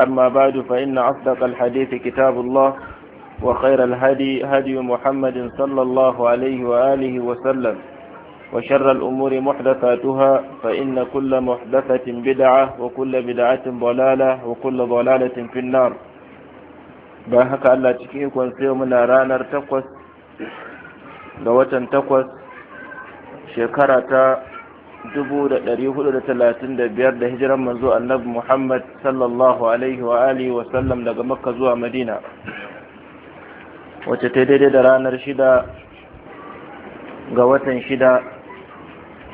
أما بعد فإن أصدق الحديث كتاب الله وخير الهدي هدي محمد صلى الله عليه وآله وسلم وشر الأمور محدثاتها فإن كل محدثة بدعة وكل بدعة ضلالة وكل ضلالة في النار باهك الله تكيك ونسيو من رانا ارتقوس دوة تقوس شكرة 1435 da hijiran manzo annabi Muhammad sallallahu alaihi wa alihi wa sallam daga Makka zuwa Madina wacce ta daidai da ranar shida ga watan shida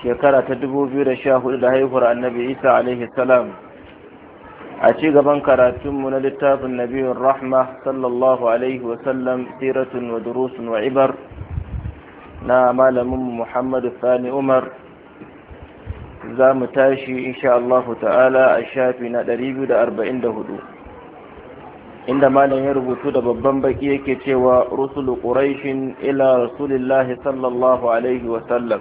shekara ta 2014 da haihuwar annabi Isa alaihi salam a ci gaban karatunmu na littafin nabiyun rahma sallallahu alaihi wa sallam siratun wa durusun wa ibar na malamin Muhammadu Sani Umar za mu tashi inshaAllahu ta'ala a shafi na 244 inda malam ya rubutu da babban baki yake cewa rusulu quraishin ila rasulillahi sallallahu alaihi wa sallam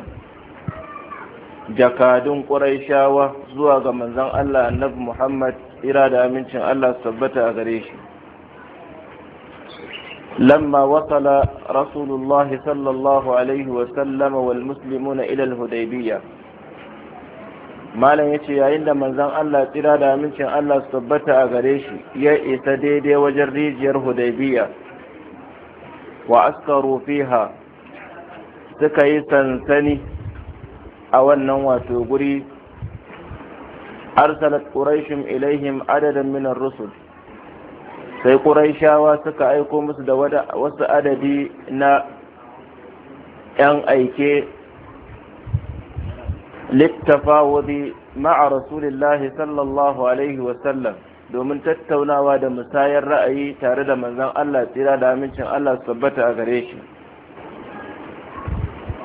jakadun ƙuraishawa, zuwa ga manzon Allah annabi Muhammad ira da amincin Allah tabbata a gare shi لما وصل رسول الله صلى الله عليه وسلم والمسلمون إلى الهديبية malam ya ce yayin da manzon Allah tsira da amincin Allah su tabbata a gare shi ya isa daidai wajen rijiyar hudaybiya wa askaru fiha suka yi sansani a wannan wato guri arsalat quraishum ilaihim adadan min ar-rusul sai quraishawa suka aiko musu da wasu adadi na yan aike littafawudi ma'a rasulillahi sallallahu alaihi wasallam domin tattaunawa da musayar ra'ayi tare da manzon Allah tsira da amincin Allah su tabbata a gare shi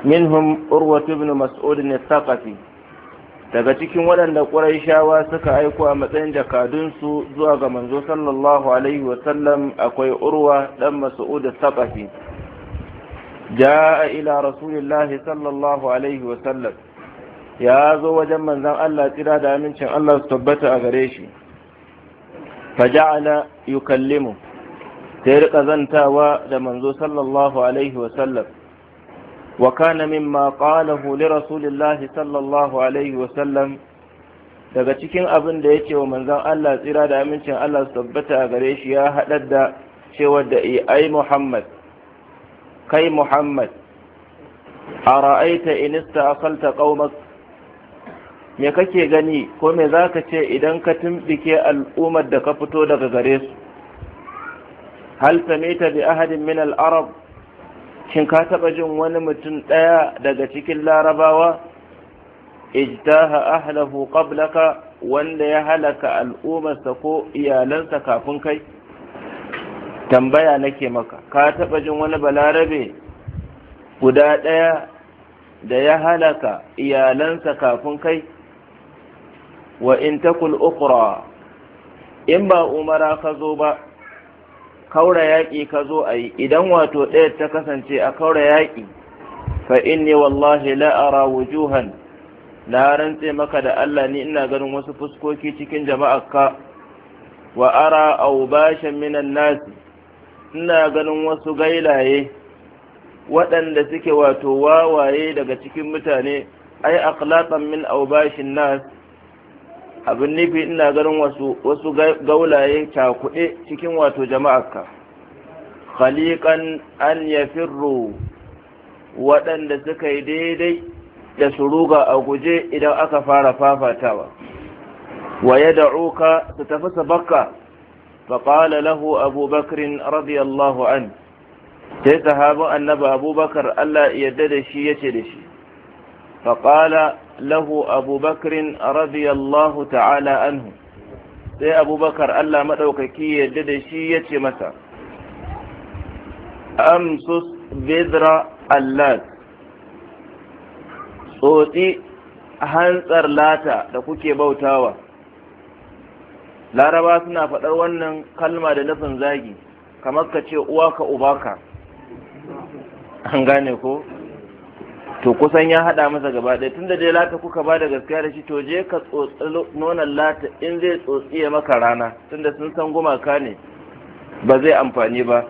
minhum urwatu ibn mas'ud al-thaqafi daga cikin waɗanda ƙurayshawa suka aiko a matsayin jakadunsu zuwa ga manzo sallallahu alaihi wa sallam, akwai urwa dan mas'ud al-thaqafi ja'a ila rasulillahi sallallahu alaihi wa sallam. ya zo wajen manzan Allah tsira da amincin Allah su tabbata a gare shi faja'ala yukallimu sai rika zantawa da manzo sallallahu alaihi wa sallam wa kana mimma qalahu li rasulillah sallallahu alaihi wa sallam daga cikin abin da yake wa manzan Allah tsira da amincin Allah su tabbata a gare shi ya haɗar da cewa da ai Muhammad kai Muhammad a ra'aita in istaqalta qaumak me kake gani ko me za ka ce idan ka tumbike al'ummar da ka fito daga gare su hal samita bi ahadin min al-arab shin ka taba jin wani mutum daya daga cikin larabawa ijtaha ahlahu qablaka wanda ya halaka al'ummarsa ko iyalansa kafin kai tambaya nake maka ka taba jin wani balarabe guda daya da ya halaka iyalansa kafin kai wa in takul ukura in ba umara ka zo ba kaura yaƙi ka zo a yi idan wato ɗaya ta kasance a kaura yaƙi fa inni wallahi la'ara wujuhan na rantse maka da Allah ni ina ganin wasu fuskoki cikin jama'arka wa ara bashan minan nasi ina ganin wasu gailaye waɗanda suke wato wawaye daga cikin mutane ai aqlatan min bashin nasi abin nufi ina ganin wasu wasu gaulaye cakuɗe cikin wato jama'arka khaliƙan an ya yafirru waɗanda suka yi daidai da suruga a guje idan aka fara fafatawa wa ya da'uka su tafi sabakka faƙala lahu abubakarin radiyallahu an sai sahabin annaba abubakar allah yadda da shi ya ce da shi faƙala Lahu أبو بكر ta'ala Anhu. sai abubakar Allah maɗaukaki yadda da shi ya ce masa amsus vedra allat tsotsi hantsar lata da kuke bautawa laraba suna faɗar wannan kalma da nufin zagi kamar ka ce uwa ka uba ka an gane ko to kusan ya haɗa masa gaba ɗaya tunda dai lata kuka ba da gaskiya da shi to je ka tsotsi nonon lata in zai tsotsi ya maka rana tunda sun san gumaka ne ba zai amfani ba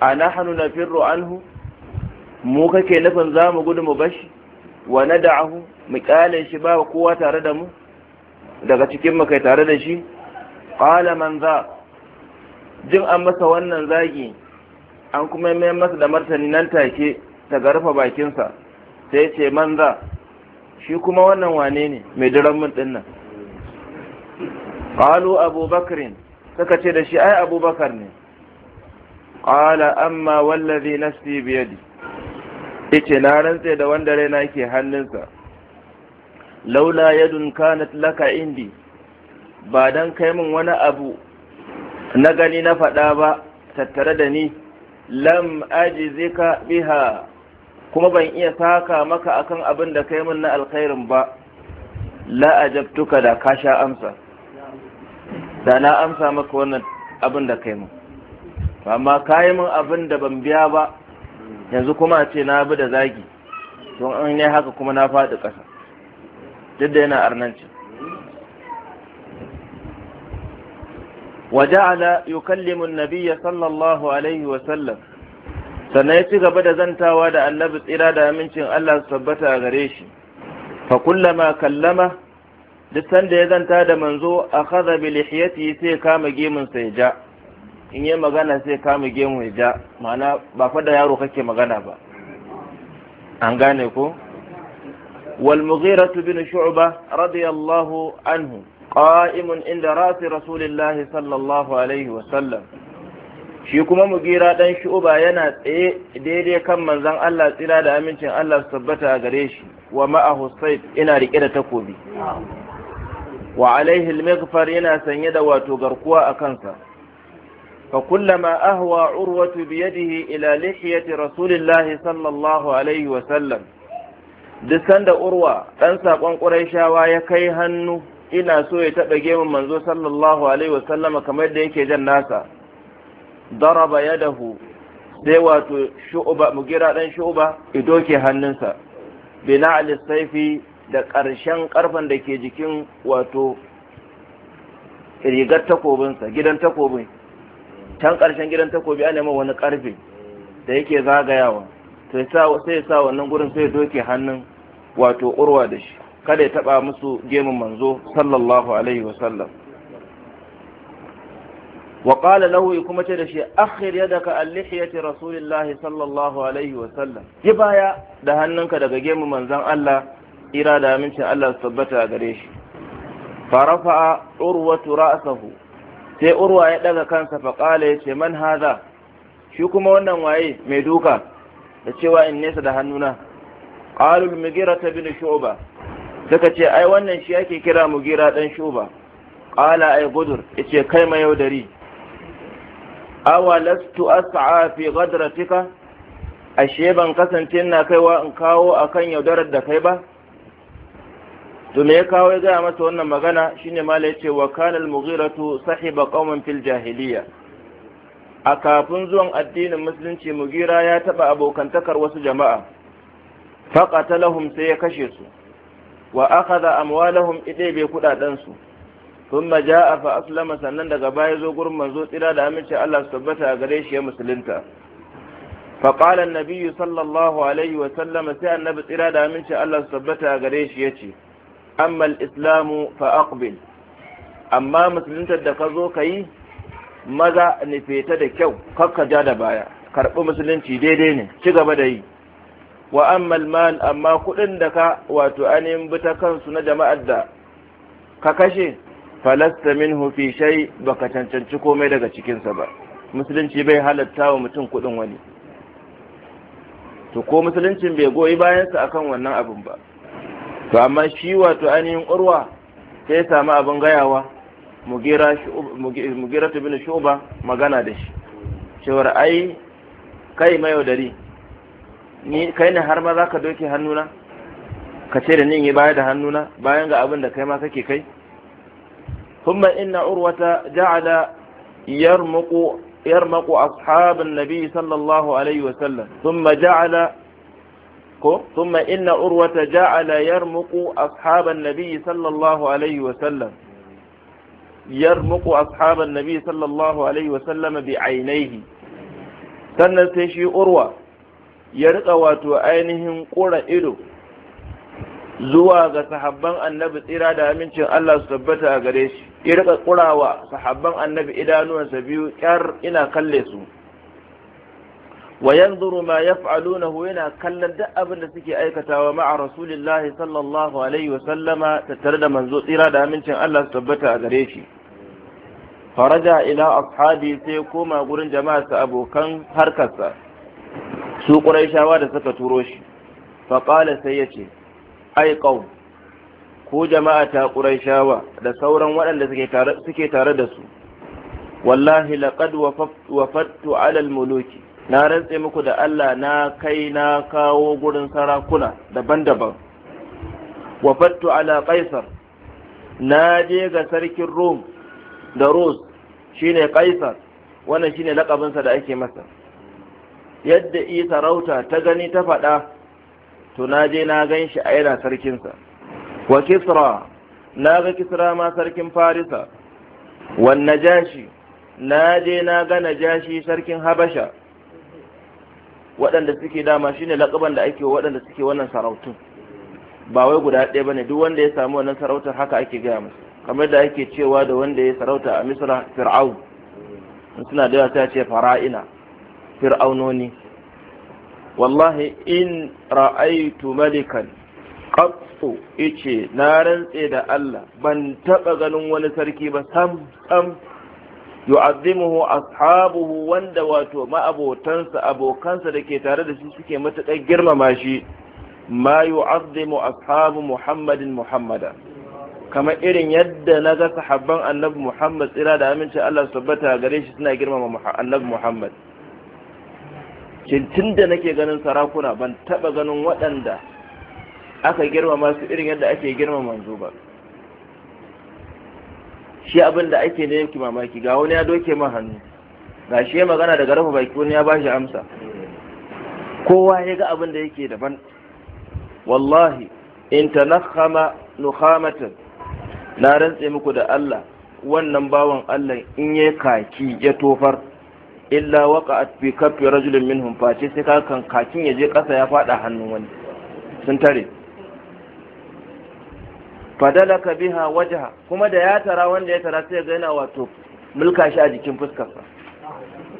a na hannu na firro anhu mu kake nufin za mu gudu mu bashi wa na da'ahu mu kyale shi ba kowa tare da mu daga cikin mu kai tare da shi qala man za jin an masa wannan zagi an kuma mai masa da martani nan take ta garfa bakinsa sai ce manza shi kuma wannan wane ne mai diran ɗinnan. din nan qalu abubakrin suka ce da shi ai abubakar ne qala amma wallazi nafsi biyadi yace na rantse da wanda raina ke hannunsa laula yadun kanat laka indi ba dan kai min wani abu na gani na faɗa ba tattare da ni lam ajizika biha kuma ban iya saka maka akan abin da kai min na alkhairin ba la ajabtuka da ka sha amsa da na amsa maka wannan abin da kai min amma ka yi min abin da ban biya ba yanzu kuma ce na bi da zagi don an yi haka kuma na faɗi ƙasa duk da yana arnanci وجعل يكلم النبي صلى الله عليه وسلم sannan ya ci gaba da zantawa da annabi tsira da amincin Allah su tabbata a gare shi fa kullama kallama duk sanda ya zanta da manzo a kaza bi lihiyati sai kama gemun sai ja in yi magana sai kama gemun ya ja ma'ana ba fa yaro kake magana ba an gane ko wal mughiratu bin shu'ba radiyallahu anhu qa'imun inda rasi rasulillahi sallallahu alaihi wa sallam shi kuma mugira dan shu'ba yana tsaye daidai kan manzon Allah tsira da amincin Allah su tabbata a gare shi wa ma'ahu sayf ina rike da takobi wa alaihi al yana sanye da wato garkuwa a kansa fa kullama ahwa urwatu bi yadihi ila lihiyati rasulillahi sallallahu alaihi wa sallam duk sanda urwa dan sakon quraishawa ya kai hannu ina so ya taɓa gemun manzo sallallahu alaihi wa sallama kamar da yake jan nasa daraba yadahu sai wato shu'uba mugira dan shu'uba idoke hannunsa bi na'al saifi da ƙarshen ƙarfen da ke jikin wato rigar takobinsa gidan takobin can ƙarshen gidan takobi an nema wani ƙarfe da yake zagayawa sai sa wannan gurin sai doke hannun wato urwa da shi kada ya taɓa musu gemun manzo sallallahu alaihi wasallam wa qala lahu kuma ce da shi akhir yadaka an lihiyati rasulillahi sallallahu alaihi wa sallam ki baya da hannunka daga gemu manzon Allah ira da amincin Allah su tabbata a gare shi farafa urwatu ra'sahu sai urwa ya daga kansa fa qala yace man hadha shi kuma wannan waye mai duka da cewa in nesa da hannuna qalu al-mugira bin shu'ba suka ce ai wannan shi ake kira mugira dan shu'ba qala ai gudur yace kai ma yaudari awa lastu as'a fi ghadratika ashe ban kasance ina kaiwa in kawo akan yaudarar da kai ba to me ya kawo ya gaya masa wannan magana shine mala yace wa kana al-mughiratu sahiba qauman fil jahiliya a kafin zuwan addinin musulunci mugira ya taba abokantakar wasu jama'a faqatalahum sai ya kashe su wa akhadha amwalahum idai bai kudaden su ma ja ثم جاء lama sannan daga baya zo gurin manzo tsira da amince Allah su tabbata a gare shi ya musulunta فقال Nabiyu Sallallahu alaihi عليه وسلم sai nabi tsira da amince Allah su tabbata a gare shi ya ce. al-islamu fa aqbil amma musuluntar da ka zo ka yi maza ni feta da kyau kakka ja da baya karɓi musulunci daidai ne ci gaba da yi wa ammal mal amma kuɗin da ka wato ainihin bi ta kansu na jama'ar da ka kashe falasta minhu fi ba baka cancanci komai daga cikinsa ba musulunci bai halatta wa mutum kuɗin wani to ko musuluncin bai goyi bayansa akan wannan abin ba to amma shi wato ainihin urwa sai ya samu abin gayawa mugira ta bin shuba magana da shi cewar ai kai mai yaudari ni kai ne har ma za ka doke hannuna ka ce da ni yi baya da hannuna bayan ga abin da kai ma kake kai ثم إن عروة جعل يرمق يرمق أصحاب النبي صلى الله عليه وسلم ثم جعل ثم إن عروة جعل يرمق أصحاب النبي صلى الله عليه وسلم يرمق أصحاب النبي صلى الله عليه وسلم بعينيه سنة شيء عروة يرقى واتو riƙa قرأ إلو zuwa ga sahabban annabi tsira da amincin Allah su tabbata a gare shi ya rika kurawa sahabban annabi idanuwansa biyu kyar ina kalle su wa yanzuru ma yaf'alunahu yana kallon duk abin da suke aikatawa ma'a rasulillahi sallallahu alaihi wa sallama tattare da manzo tsira da amincin Allah su tabbata a gare shi faraja ila ashabi sai koma gurin jama'arsa abokan harkarsa su quraishawa da suka turo shi faƙala sai ya ce. ai qaum ko jama'a ta quraishawa da sauran waɗanda suke tare suke tare da su wallahi laqad wafattu ala almuluki na rantse muku da Allah na kai na kawo gurin sarakuna daban-daban wafattu ala qaisar na je ga sarkin rom da ros shine qaisar wannan shine lakabinsa da ake masa yadda isa rauta ta gani ta faɗa to na je na gan shi a yana sarkinsa wa kisra na ga kisra ma sarkin farisa wa najashi na je na ga najashi sarkin habasha waɗanda suke dama shine laƙaban da ake waɗanda suke wannan sarautun ba wai guda ɗaya bane duk wanda ya samu wannan sarautar haka ake gaya mu. kamar da ake cewa da wanda ya sarauta a misra fir'aun suna da yawa sai ce fara'ina fir'aunoni wallahi in ra'aitu malikan qattu ice na rantse da Allah ban taba ganin wani sarki ba sam sam yu'azzimuhu ashabuhu wanda wato ma'abotansa abokansa da ke tare da shi suke matuƙar girmama shi ma yu'azzimu ashabu muhammadin muhammada kamar irin yadda na ga sahabban annabi muhammad tsira da aminci Allah tabbata gare shi suna girmama annabi muhammad tun da nake ganin sarakuna ban taba ganin waɗanda aka girmama su irin yadda ake girmama manzo ba shi abin da ake ne yake mamaki ga wani ya doke ma hannu ga shi ya magana daga rafa baki wani ya ba shi amsa kowa ya ga abin da yake daban wallahi in tanakhama nukhamatin na rantse muku da Allah wannan bawan Allah in ya kaki ya tofar illa waqa'at fi kaffi rajulin minhum face sai ka kakin ya je kasa ya fada hannun wani sun tare fadalaka biha wajha kuma da ya tara wanda ya tara sai ga yana wato mulka shi a jikin fuskarsa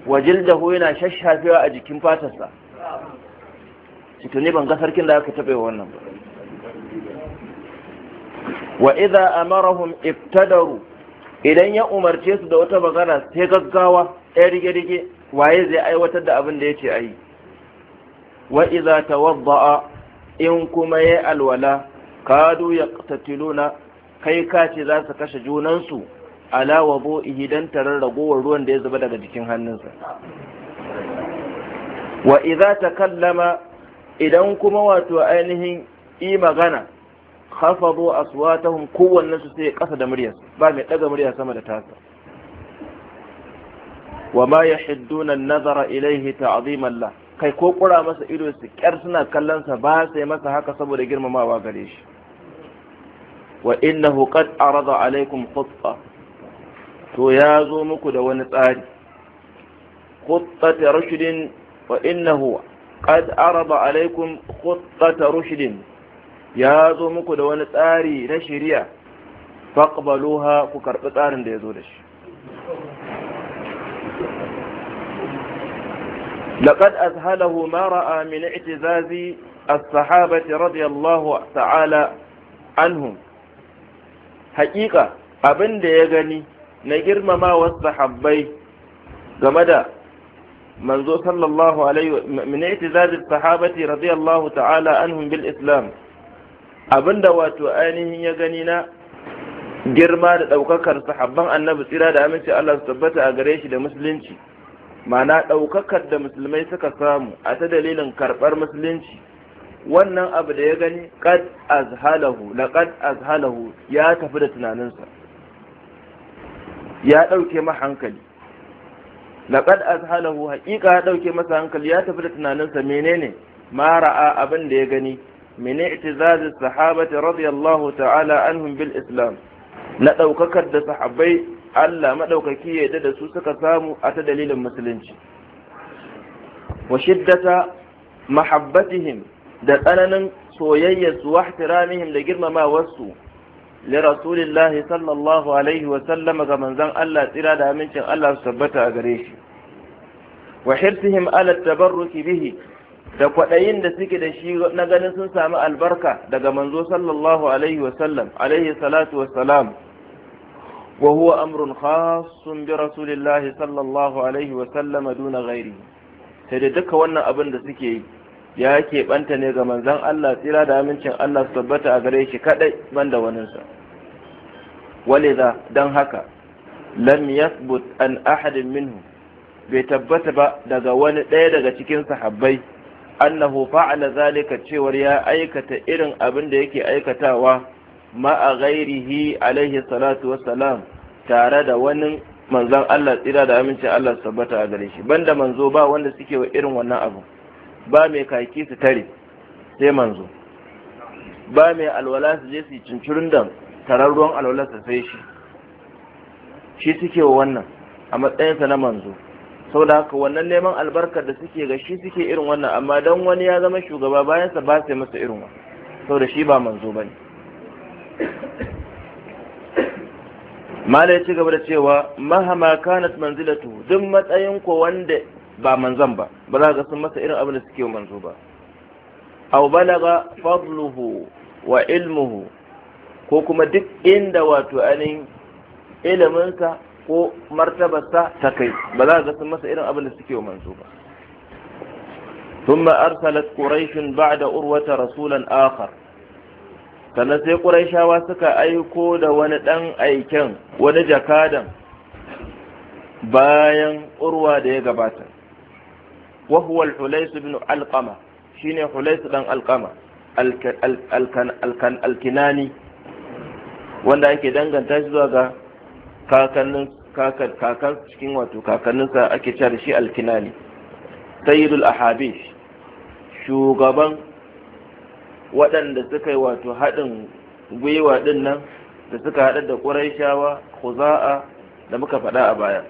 wajil da yana shashafewa a jikin fatarsa shi ne ban ga sarkin da aka taɓe wannan ba wa idza amarahum iftadaru idan ya umarce su da wata magana sai gaggawa ɗaya rige-rige waye zai aiwatar da abin da ya ce a yi wa iza in kuma ya alwala kadu ya tattiluna kai kace za su kashe junansu ala wabo idan tarar ragowar ruwan da ya zuba daga jikin hannunsa wa iza takallama idan kuma wato ainihin yi magana khafadu aswatahum kowannen su sai kasa da muryar ba mai daga murya sama da tasa wa ma yahidduna an-nazara ilaihi ta'ziman la kai ko kura masa ido su kyar suna kallon sa ba sai masa haka saboda girmamawa gare shi wa innahu qad arada alaykum khutta to ya zo muku da wani tsari khuttata rushdin wa innahu qad arada alaykum khuttata rushdin ya zo muku da wani tsari na shari'a faqbaluha ku karbi tsarin da ya zo da shi لقد أسهله ما رأى من اعتزاز الصحابة رضي الله تعالى عنهم حقيقة abin da ya gani na girmama wasu sahabbai game da manzo sallallahu alaihi min i'tizazi sahabati radiyallahu ta'ala anhum bil islam abinda wato ainihin ya gani na girma da ɗaukakar sahabban annabi tsira da aminci Allah su tabbata a gare shi da musulunci mana ɗaukakar da musulmai suka samu a ta dalilin karɓar musulunci wannan abu da ya gani kad azhalahu kad azhalahu ya tafi da tunaninsa ya ɗauke ma hankali laqad azhalahu haƙiƙa ya ɗauke masa hankali ya tafi da tunaninsa menene mara'a abin da ya gani min i'tizazi sahabati radiyallahu ta'ala anhum bil islam na daukakar da sahabbai Allah madaukaki ya da su suka samu a ta dalilin musulunci wa shiddata mahabbatihim da tsananin su wa ihtiramihim da girmamawarsu li rasulillahi sallallahu alaihi wa sallam ga manzon Allah tsira da amincin Allah su tabbata a gare shi wa hirsihim ala tabarruki bihi da kwaɗayin da suke da shi na ganin sun sami albarka daga manzo sallallahu alaihi wasallam alaihi salatu wasalam wa huwa amrun khassun bi rasulillahi sallallahu alaihi wasallam duna ghairi sai da duka wannan abin da suke yi ya keɓanta ne ga manzon Allah tsira da amincin Allah su tabbata a gare shi kadai banda sa. walidha dan haka lam yathbut an ahadin minhu bai tabbata ba daga wani ɗaya daga cikin sahabbai annahu fa'ala zalika cewar ya aikata irin abin da yake aikatawa ma'a ghairihi alaihi salatu wassalam tare da wani manzon Allah tsira da amincin Allah sabbata a gare shi banda manzo ba wanda suke wa irin wannan abu ba mai kaki su tare sai manzo ba mai alwala su je su cincirin da tararruwan alwala su sai shi shi suke wa wannan a matsayinsa na manzo Sau da haka wannan neman albarkar da suke ga shi suke irin wannan amma don wani ya zama shugaba bayansa ba sai masa irin wannan da shi ba manzo ne. mala ya ci gaba da cewa mahama kanat manzilatu duk matsayin ko wanda ba manzan ba ba za ga sun masa irin abin da suke manzo ba aw balaga fadluhu wa ilmuhu ko kuma duk inda wato anin iliminsa ko martabarsa ta kai ba za ga sun masa irin abin da suke wa manzo ba ثم أرسلت قريش da urwa rasulan akhar. sannan sai ƙuraishawa suka aiko da wani ɗan aiken wani jakadan bayan urwa da ya gabata wahwal hulaisu bin alƙama shine hulaisu ɗan alƙama alkinani wanda ake danganta shi zuwa ga kakannin kakan cikin wato kakanninsa ake cewa da shi alkinani sayyidul ahabish shugaban waɗanda suka yi wato haɗin gwiwa ɗin nan da suka haɗa da ƙuraishawa khuza'a da muka faɗa a baya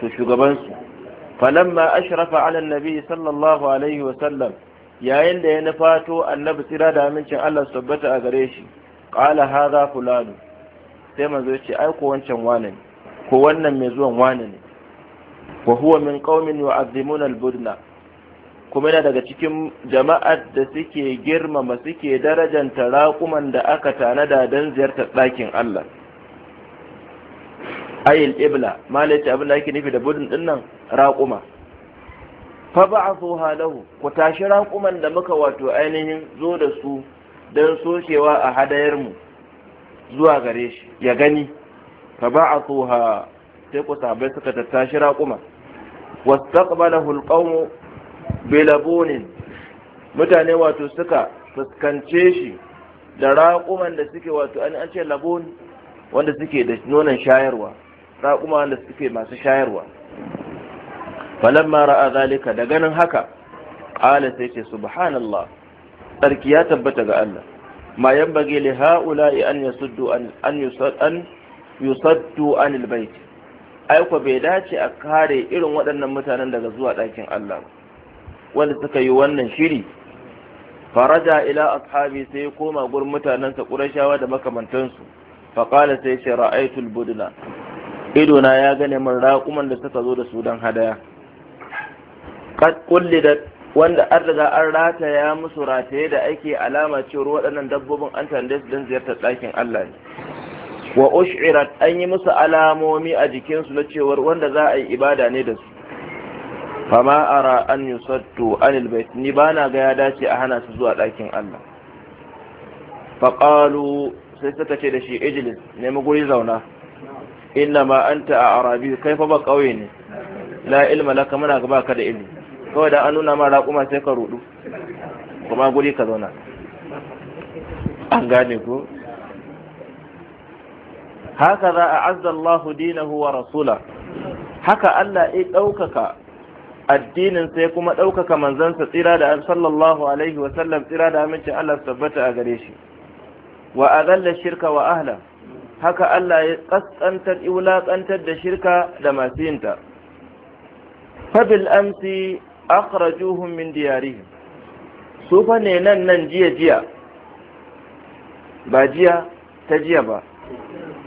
to shugabansu falamma ashrafa ala nabi sallallahu alaihi wa sallam yayin da ya nufato annabi tsira da amincin Allah su wa a gare shi qala hadha fulanu sai manzo ce ai ko wancan wane ne ko wannan mai zuwan wane ne wa huwa min qaumin yu'azzimuna al-budna kuma yana daga cikin jama'ar da suke girmama suke darajanta raƙuman da aka tanada don ziyartar ɗakin Allah ayil ibla malaci abin da nufi da budin din nan raƙuma fa ba'athu halahu ku tashi raƙuman da muka wato ainihin zo da su don sokewa a hadayar mu zuwa gare shi ya gani fa tsoha sai ku sahabbai suka tattashi raƙuma wastaqbalahu alqawmu bilabunin mutane wato suka fuskance shi da raƙuman da suke wato an ce labun wanda suke da nonon shayarwa raƙuma wanda suke masu shayarwa falamma ra'a zalika da ganin haka ala sai ce subhanallah Sarki ya tabbata ga Allah ma yanbaghi li ha'ula'i an yasuddu an an yusaddan yusaddu anil bait ai ko bai dace a kare irin waɗannan mutanen daga zuwa ɗakin Allah wanda suka yi wannan shiri Farada, ila ashabi sai koma gurin mutanensa ƙurashawa da makamantansu faƙala sai ce ra'aitul idona ya gane min raƙuman da suka zo da su don hadaya qad qullidat wanda an riga an rataya musu rataye da ake alama cewar waɗannan dabbobin an tande su don ziyartar ɗakin Allah ne wa ushirat an yi musu alamomi a jikinsu na cewar wanda za a yi ibada ne da su fama ara an yusaddu an ilbait ni ba na ga dace a hana su zuwa ɗakin Allah faƙalu sai suka ce da shi ijilis nemi guri zauna inna ma ta a arabi kai fa ba ƙauye ne la ilma laka muna ga baka da ilimi kawai da an nuna ma raƙuma sai ka rudu kuma guri ka zauna an gane ku? haka za a azzallahu dinahu wa rasula haka Allah ya ɗaukaka addinin sai kuma ɗaukaka manzansa tsira da sallallahu alaihi wa sallam tsira da amincin Allah tabbata a gare shi wa azalla shirka wa ahla haka Allah ya kaskantar iwulakantar da shirka da masu yinta fabil amsi akhrajuhum min diyarihim su fa ne nan nan jiya jiya ba jiya ta jiya ba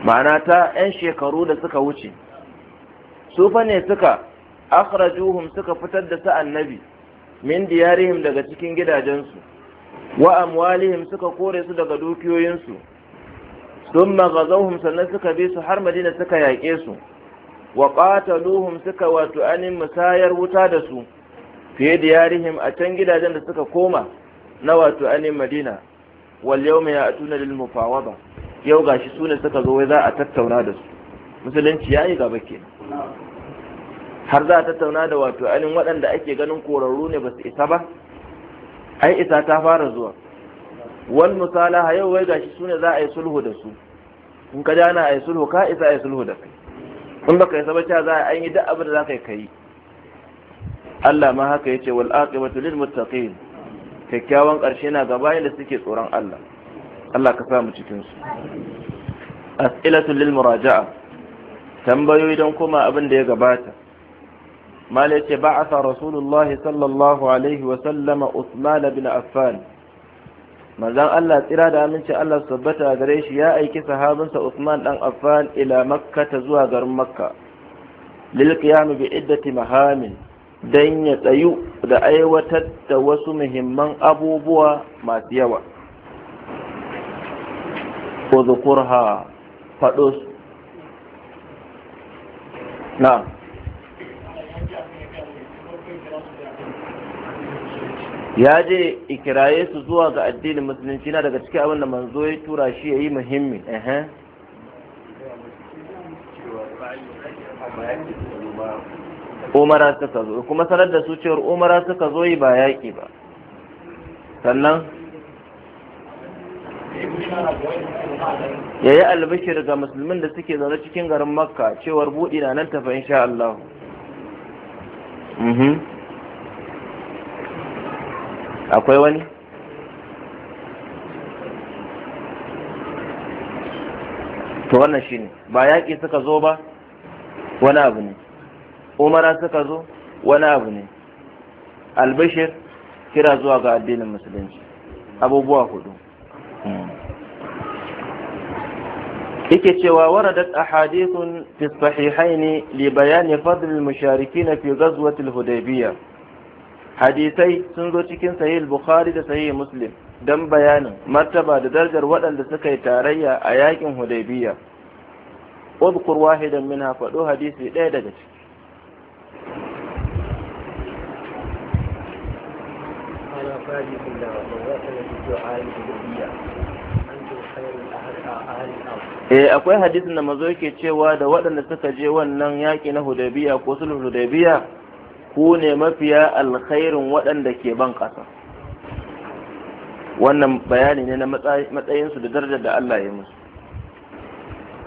ma'ana ta 'yan shekaru da suka wuce su fa ne suka akhrajuhum suka fitar da su annabi min diyarihim daga cikin gidajensu wa amwalihim suka kore su daga dukiyoyinsu sun magazauhum sannan suka bi su har madina suka yaƙe su wa ƙataluhum suka wato anin musayar wuta da su fiye da yarihim a can gidajen da suka koma na wato ainihin madina wal yau mai atuna lil ba. yau ga shi sune suka zo wai za a tattauna da su musulunci ya yi gaba ke har za a tattauna da wato ainihin waɗanda ake ganin korarru ne ba su isa ba ai isa ta fara zuwa wal ha yau wai ga shi sune za a yi sulhu da su in ka dana a yi sulhu ka isa a yi sulhu da kai in baka isa ba za a yi duk abin da za ka yi Allah ma haka yace wal aqibatu lil muttaqin kyakkyawan ƙarshe na gaba da suke tsoron Allah Allah ka samu cikin su as'ilatu lil muraja'a tambayoyi don kuma abin da ya gabata mal yace ba'atha rasulullah sallallahu alaihi wa sallama usman bin affan manzon Allah tsira da aminci Allah tabbata gare shi ya aiki sahabinsa Usman dan Affan ila Makka ta zuwa garin Makka lil qiyam bi iddati mahamin Dan ya tsayu da aiwatar da wasu muhimman abubuwa masu yawa ko zukurha faɗo na ya je ikiraye su zuwa ga addinin musulunci na daga cikin abin da manzo ya tura shi ya yi muhimmi ehem umara suka zo kuma sanar da su cewar umara suka zo yi ba yaƙi ba sannan ya yi albishir ga musulmin da suke zaune cikin garin makka cewar buɗi na nan tafa insha Allah mhm. akwai wani to wannan shine ba yaƙi suka zo ba wani abu ne umara suka zo wani abu ne albashir kira zuwa ga addinin musulunci abubuwa hudu hmm. yake cewa waradat ahadithun fi sahihain li bayani fadl al-musharikin fi ghazwat al-hudaybiyah hadisai sun zo cikin sahih al-bukhari da sahih muslim dan bayanin martaba da darajar waɗanda suka yi tarayya a yakin hudaybiyah udkur wahidan minha faɗo hadisi ɗaya daga ciki eh akwai hadisin da mazo yake cewa da waɗanda suka je wannan yaƙi na hudabiya ko sulhu hudabiya ku ne mafiya alkhairin waɗanda ke ban ƙasa wannan bayani ne na matsayinsu da darajar da Allah ya musu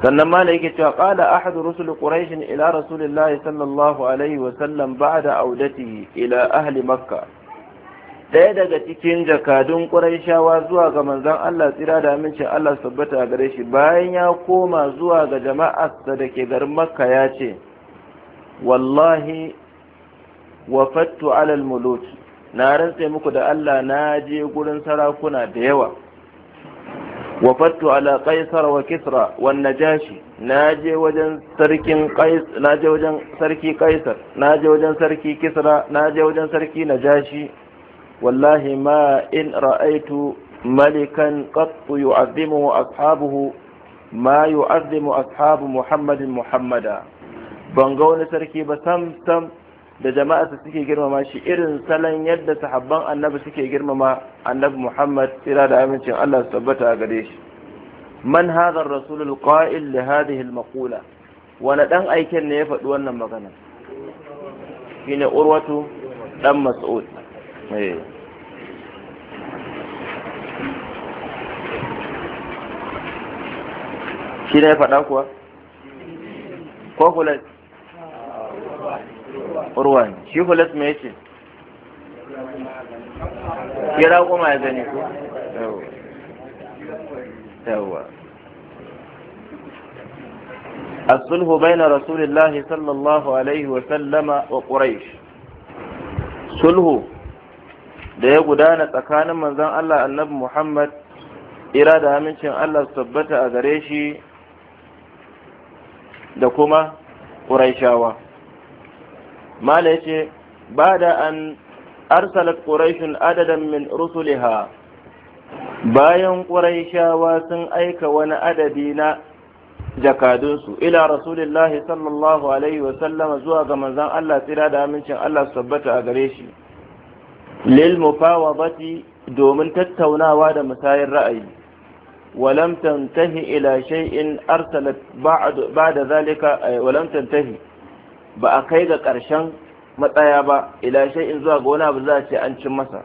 sannan malai yake cewa qala ahad rusul quraish ila rasulillahi sallallahu alaihi wa sallam ba'da audatihi ila ahli makkah daya daga cikin jakadun ƙuraishawa zuwa ga manzon Allah tsira da amincin Allah sabbata gare shi bayan ya koma zuwa ga jama'arsa da ke garin Makka ya ce wallahi wafattu alal mulut na rantse muku da Allah na je gurin sarakuna da yawa wafattu ala qaisar wa kisra wa najashi na je wajen sarkin qais na je wajen sarki qaisar na je wajen sarki kisra na je wajen sarki najashi wallahi ma in ra'aitu malikan qattu yu'azzimu ashabuhu ma yu'azzimu ashabu muhammadin muhammada ban ga wani sarki ba sam sam da jama'a suke girmama shi irin salon yadda sahabban annabi suke girmama annabi muhammad tsira da amincin allah su tabbata a gare shi man hadha ar-rasul al-qa'il li hadhihi al-maqula wani dan aiken ne ya faɗi wannan magana shine urwatu dan mas'ud Eh. shi ne faɗa kuwa ko hulet? urwa shi hulet mai ce kira kuma ya gani ko yawwa الصلح بين رسول الله صلى الله عليه وسلم وقريش صلح da ya gudana tsakanin manzon Allah annabi Muhammad ira da amincin Allah su tabbata a gare shi da kuma ƙuraishawa mala ya ce ba da an arsalat ƙuraishun adadan min rusuliha bayan ƙuraishawa sun aika wani adadi na jakadunsu ila rasulillahi sallallahu alaihi wasallama zuwa ga manzan Allah tsira da amincin Allah su tabbata a gare shi lil mufawadati domin tattaunawa da misayin ra'ayi walam tantahi ila shay'in arsalat ba'd ba'd zalika walam tantahi ba akai ga ƙarshen matsaya ba ila shay'in zuwa ga wani abu za ce an cin masa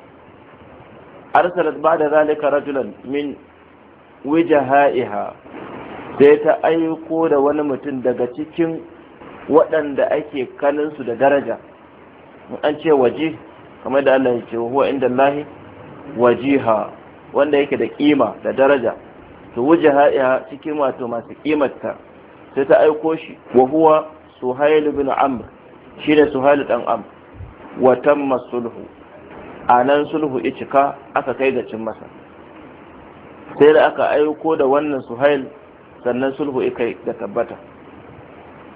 arsalat ba'd zalika rajulan min wujahaiha sai ta aiko da wani mutum daga cikin waɗanda ake kanin da daraja an ce waje kamar da Allah ya ce huwa inda Allah wajiha wanda yake da kima da daraja to wajaha cikin wato masu kimarta sai ta aiko shi wa huwa suhail bin amr shine suhail dan amr wa tamma sulhu anan sulhu icika aka kai ga cin masa sai da aka aiko da wannan suhail sannan sulhu ikai da tabbata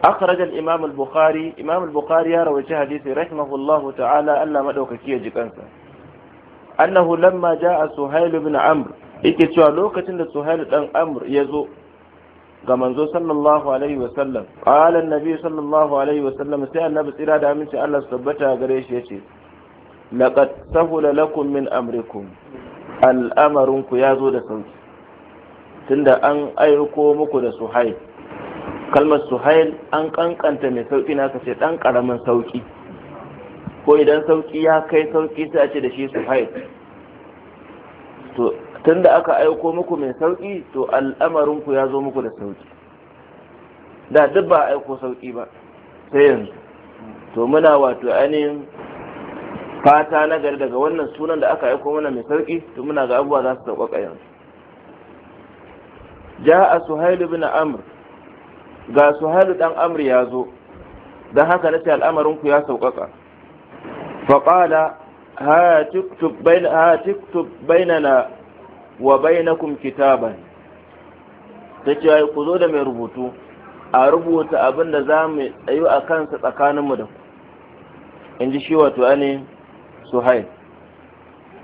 أخرج الإمام البخاري إمام البخاري يروي حديث رحمه الله تعالى ألا مدوك كي جكنسا أنه لما جاء سهيل بن عمرو yake cewa lokacin da suhail dan amr ya zo ga manzo sallallahu alaihi wa sallam qala annabi sallallahu alaihi wa sallam sai annabi tsira da aminci Allah su tabbata gare shi yace laqad sahula lakum min amrikum al'amarinku ya zo da tunda an aiko muku da suhail kalmar suhail an kankanta mai sauki na ka ce dan karamin sauki ko idan sauki ya kai sauki sai a ce da shi suhail to tunda aka aiko muku mai sauki to al'amarin ku ya zo muku da sauki da duk ba aiko sauki ba sai yanzu to muna wato ainihin fata na gari daga wannan sunan da aka aiko mana mai sauki to muna ga abubuwa za su sauƙaƙa yanzu ja'a suhail bin amr ga su hali dan amri ya zo don haka nace al'amarin ku ya sauƙaƙa faƙala ha tiktub bainana wa bainakum kitaban ta ce ku zo da mai rubutu a rubuta abin da za mu tsayu a kansa tsakaninmu da ku in ji shi wato ani, suhail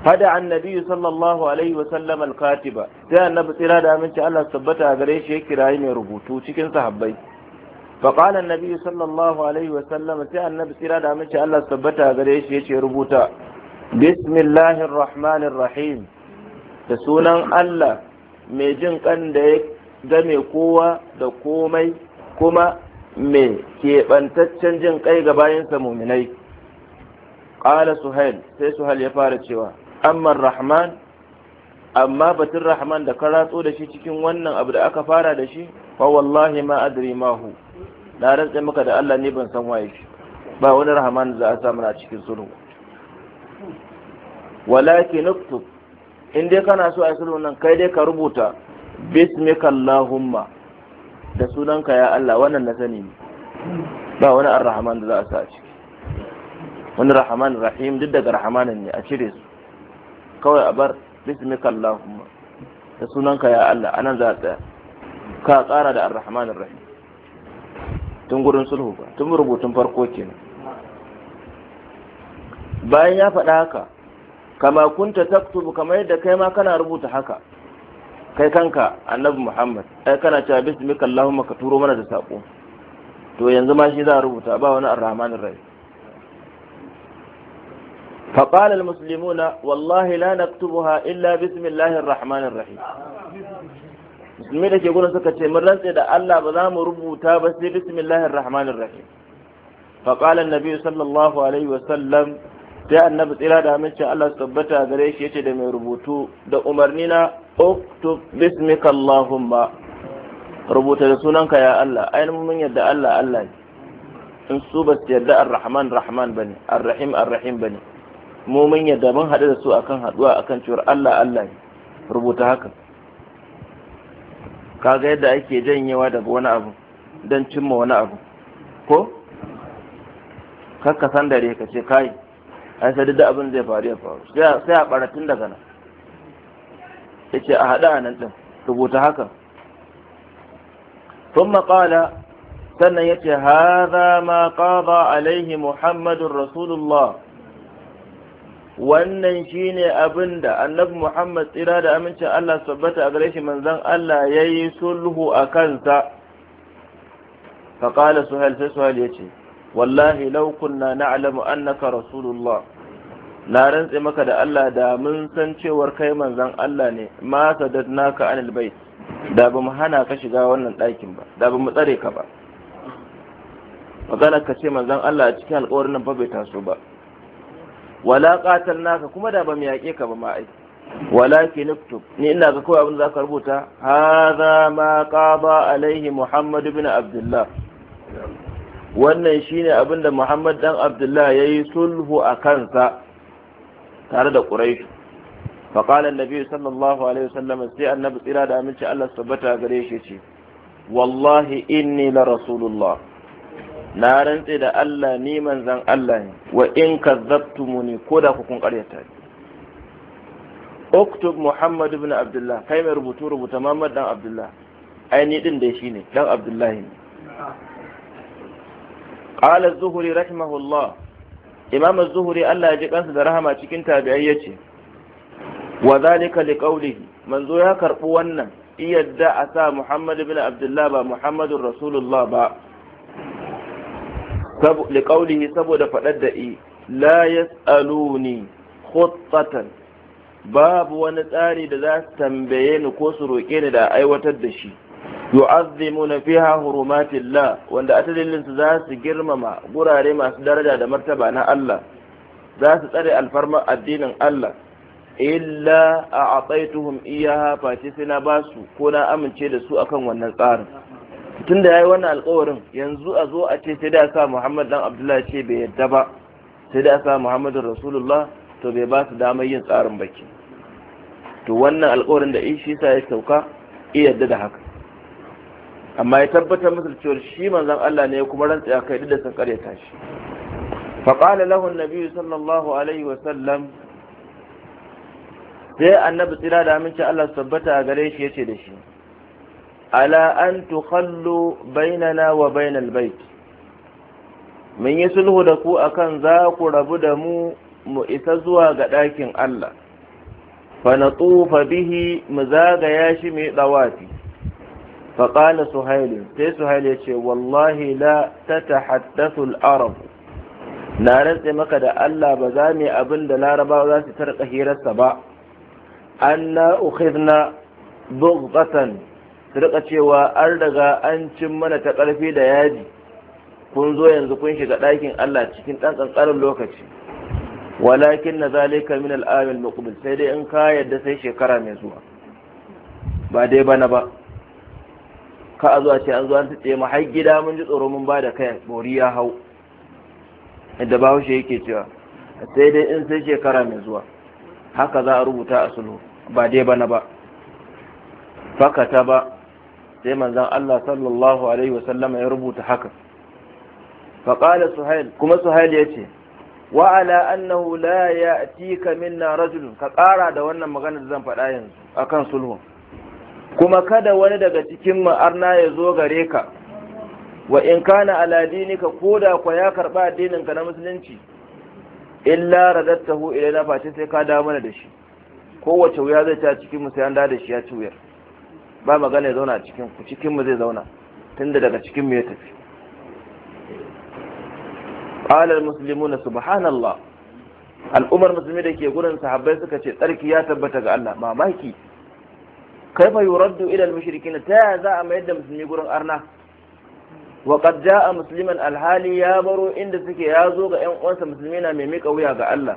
hada annabi sallallahu alaihi wa sallam al-katiba sai annabi tsira da aminci Allah tabbata a gare shi ya kirayi mai rubutu cikin sahabbai fa qala an-nabiyyu sallallahu alaihi wa sallam sai annabi tsira da aminci Allah tabbata a gare shi yace rubuta bismillahir rahmanir rahim da sunan Allah mai jin kan da ya game kowa da komai kuma mai keɓantaccen jin kai ga bayansa muminai ƙala suhail sai suhail ya fara cewa amma rahman amma batun rahman da ka ratso da shi cikin wannan abu da aka fara da shi fa wallahi ma adri ma hu na rantsa maka da Allah ne ban san waye shi ba wani rahman da za a samu a cikin sulhu walakin nuktub in dai kana so a sulhu nan kai dai ka rubuta bismika allahumma da sunanka ya Allah wannan na sani ne. ba wani arrahman rahman da za a sa a ciki wani rahman rahim duk daga rahmanin ne a cire su kawai a bar bismika Allahumma da sunanka ya Allah anan za a ka tsara da ar-rahman tun gurin sulhu ba tun rubutun farko kenan bayan ya faɗa haka kama kunta taktubu kamar yadda kai ma kana rubuta haka kai kanka annabi Muhammad ai kana cewa bismika Allahumma ka turo mana da sako to yanzu ma shi za rubuta ba wani ar-rahman فقال المسلمون والله لا نكتبها إلا بسم الله الرحمن الرحيم musulmi da ke gudun suka ce mun rantse da Allah ba za mu rubuta ba sai bismillahir rahmanir rahim fa qala annabi sallallahu alaihi wa sallam sai annabi tsira da amince Allah su tabbata gare shi yace da mai rubutu da umarni na uktub bismika allahumma rubuta da sunanka ya Allah ainihin mun yadda Allah Allah in su ba su yarda ar-rahman rahman bane ar-rahim ar-rahim bane mu yadda mun haɗu da su akan haɗuwa akan cewar Allah Allah ne rubuta haka kaga yadda ake janyewa daga wani abu don cimma wani abu ko kakka san dare ka ce kai ai sai duk abin zai faru ya faru sai a baratun daga nan yace a haɗa a nan din rubuta haka ثم قال sannan ce hadha ma qada alaihi Muhammadu rasulullah wannan shine abin da annabi Muhammad tsira da amincin Allah sabbata a gare shi manzon Allah yayi sulhu a kansa fa qala suhal sai suhal yace wallahi law kunna na'lamu annaka rasulullah na rantse maka da Allah da mun san cewar kai manzon Allah ne ma sadadnaka anil bait da bamu hana ka shiga wannan ɗakin ba da bamu tsare ka ba magana ka ce manzon Allah a cikin alƙawarin nan ba bai taso ba wala naka kuma da ba mu yaƙe ka ba ma ai walakin nuktub ni ina ga kawai abin da zaka rubuta hadha ma qada alaihi muhammad bin abdullah wannan shine abin da muhammad dan abdullah yayi sulhu a kansa tare da quraish فقال النبي sallallahu alaihi عليه وسلم سي tsira da aminci Allah tabbata gare shi ce wallahi inni la rasulullah na rantse da Allah ni manzan Allah ne wa in kazzabtumuni ko da kun karyata ni Oktob muhammad ibn abdullah kai mai rubutu rubuta muhammad dan abdullah ai ni din shi ne, dan abdullahi ne qala az-zuhri rahimahullah imam az Allah ya ji kansa da rahama cikin tabi'ai yace wa zalika liqawlihi manzo ya karbu wannan iyadda a sa muhammad ibn abdullah ba muhammadur rasulullah ba liƙaunihi saboda faɗar da i la ya tsaluni khutsatan babu wani tsari da za su tambaye ni ko su roƙe ni da aiwatar da shi yu'azzimuna fiha hurumatillah wanda atalilin su za su girmama gurare masu daraja da martaba na Allah za su tsare alfarma addinin Allah illa a ataituhum iyaha face sai na basu ko na amince da su akan wannan tsarin tun da ya yi wannan alkawarin yanzu a zo a ce sai da sa muhammad dan abdullahi ce bai yadda ba sai da sa muhammadu rasulullah to bai ba su damar yin tsarin baki to wannan alkawarin da shi sa ya sauka iya yadda da haka amma ya tabbatar musu cewa shi manzon Allah ne kuma rantsa kai duk da sun karyata shi fa qala lahu an sallallahu alaihi wa sallam sai annabi tsira da aminci Allah su tabbata a gare shi ya ce da shi ala an tukhallu bainana wa bainal bait mun yi sulhu da ku akan za ku rabu da mu mu isa zuwa ga ɗakin Allah fa na tsufa bihi mu zagaya shi mai ɗawafi fa ƙala suhailin sai suhail ya ce wallahi la ta al-arab na rantse maka da Allah ba za mu abin da larabawa za su tarka hirarsa ba anna ukhidna bughatan su rika cewa an daga an cin mana ta ƙarfi da yaji kun zo yanzu kun shiga ɗakin Allah cikin ɗan ƙanƙarin lokaci walakin na zalika min al'amil muqbil sai dai in ka yadda sai shekara mai zuwa ba dai bana ba ka a zuwa ce an zuwa ta tace mu har gida mun ji tsoro mun ba da kai bori ya hau yadda ba haushe yake cewa sai dai in sai shekara mai zuwa haka za a rubuta a sulhu ba dai bana ba fakata ba sai manzon Allah sallallahu alaihi wasallama ya rubuta haka faƙala suhail kuma suhail ya ce wa ala annahu la ka minna rajulun ka ƙara da wannan magana da zan faɗa yanzu A kan sulhu kuma kada wani daga cikin ma'arna ya zo gare ka wa in kana ala dinika ko da kwa ya karɓa addininka na musulunci illa radattahu na face sai ka dawo mana da shi kowace wuya zai ta cikin mu sai da shi ya ci wuyar ba magana ya zauna cikin ku cikin mu zai zauna tunda daga cikin mu ya tafi qala almuslimuna subhanallah al'ummar musulmi da ke gurin sahabbai suka ce tsarki ya tabbata ga Allah mamaki kaifa yuraddu ila almushrikin ta ya za a mayar da musulmi gurin arna wa qad jaa musliman alhali ya baro inda suke ya zo ga 'yan uwansa musulmi na mai mika wuya ga Allah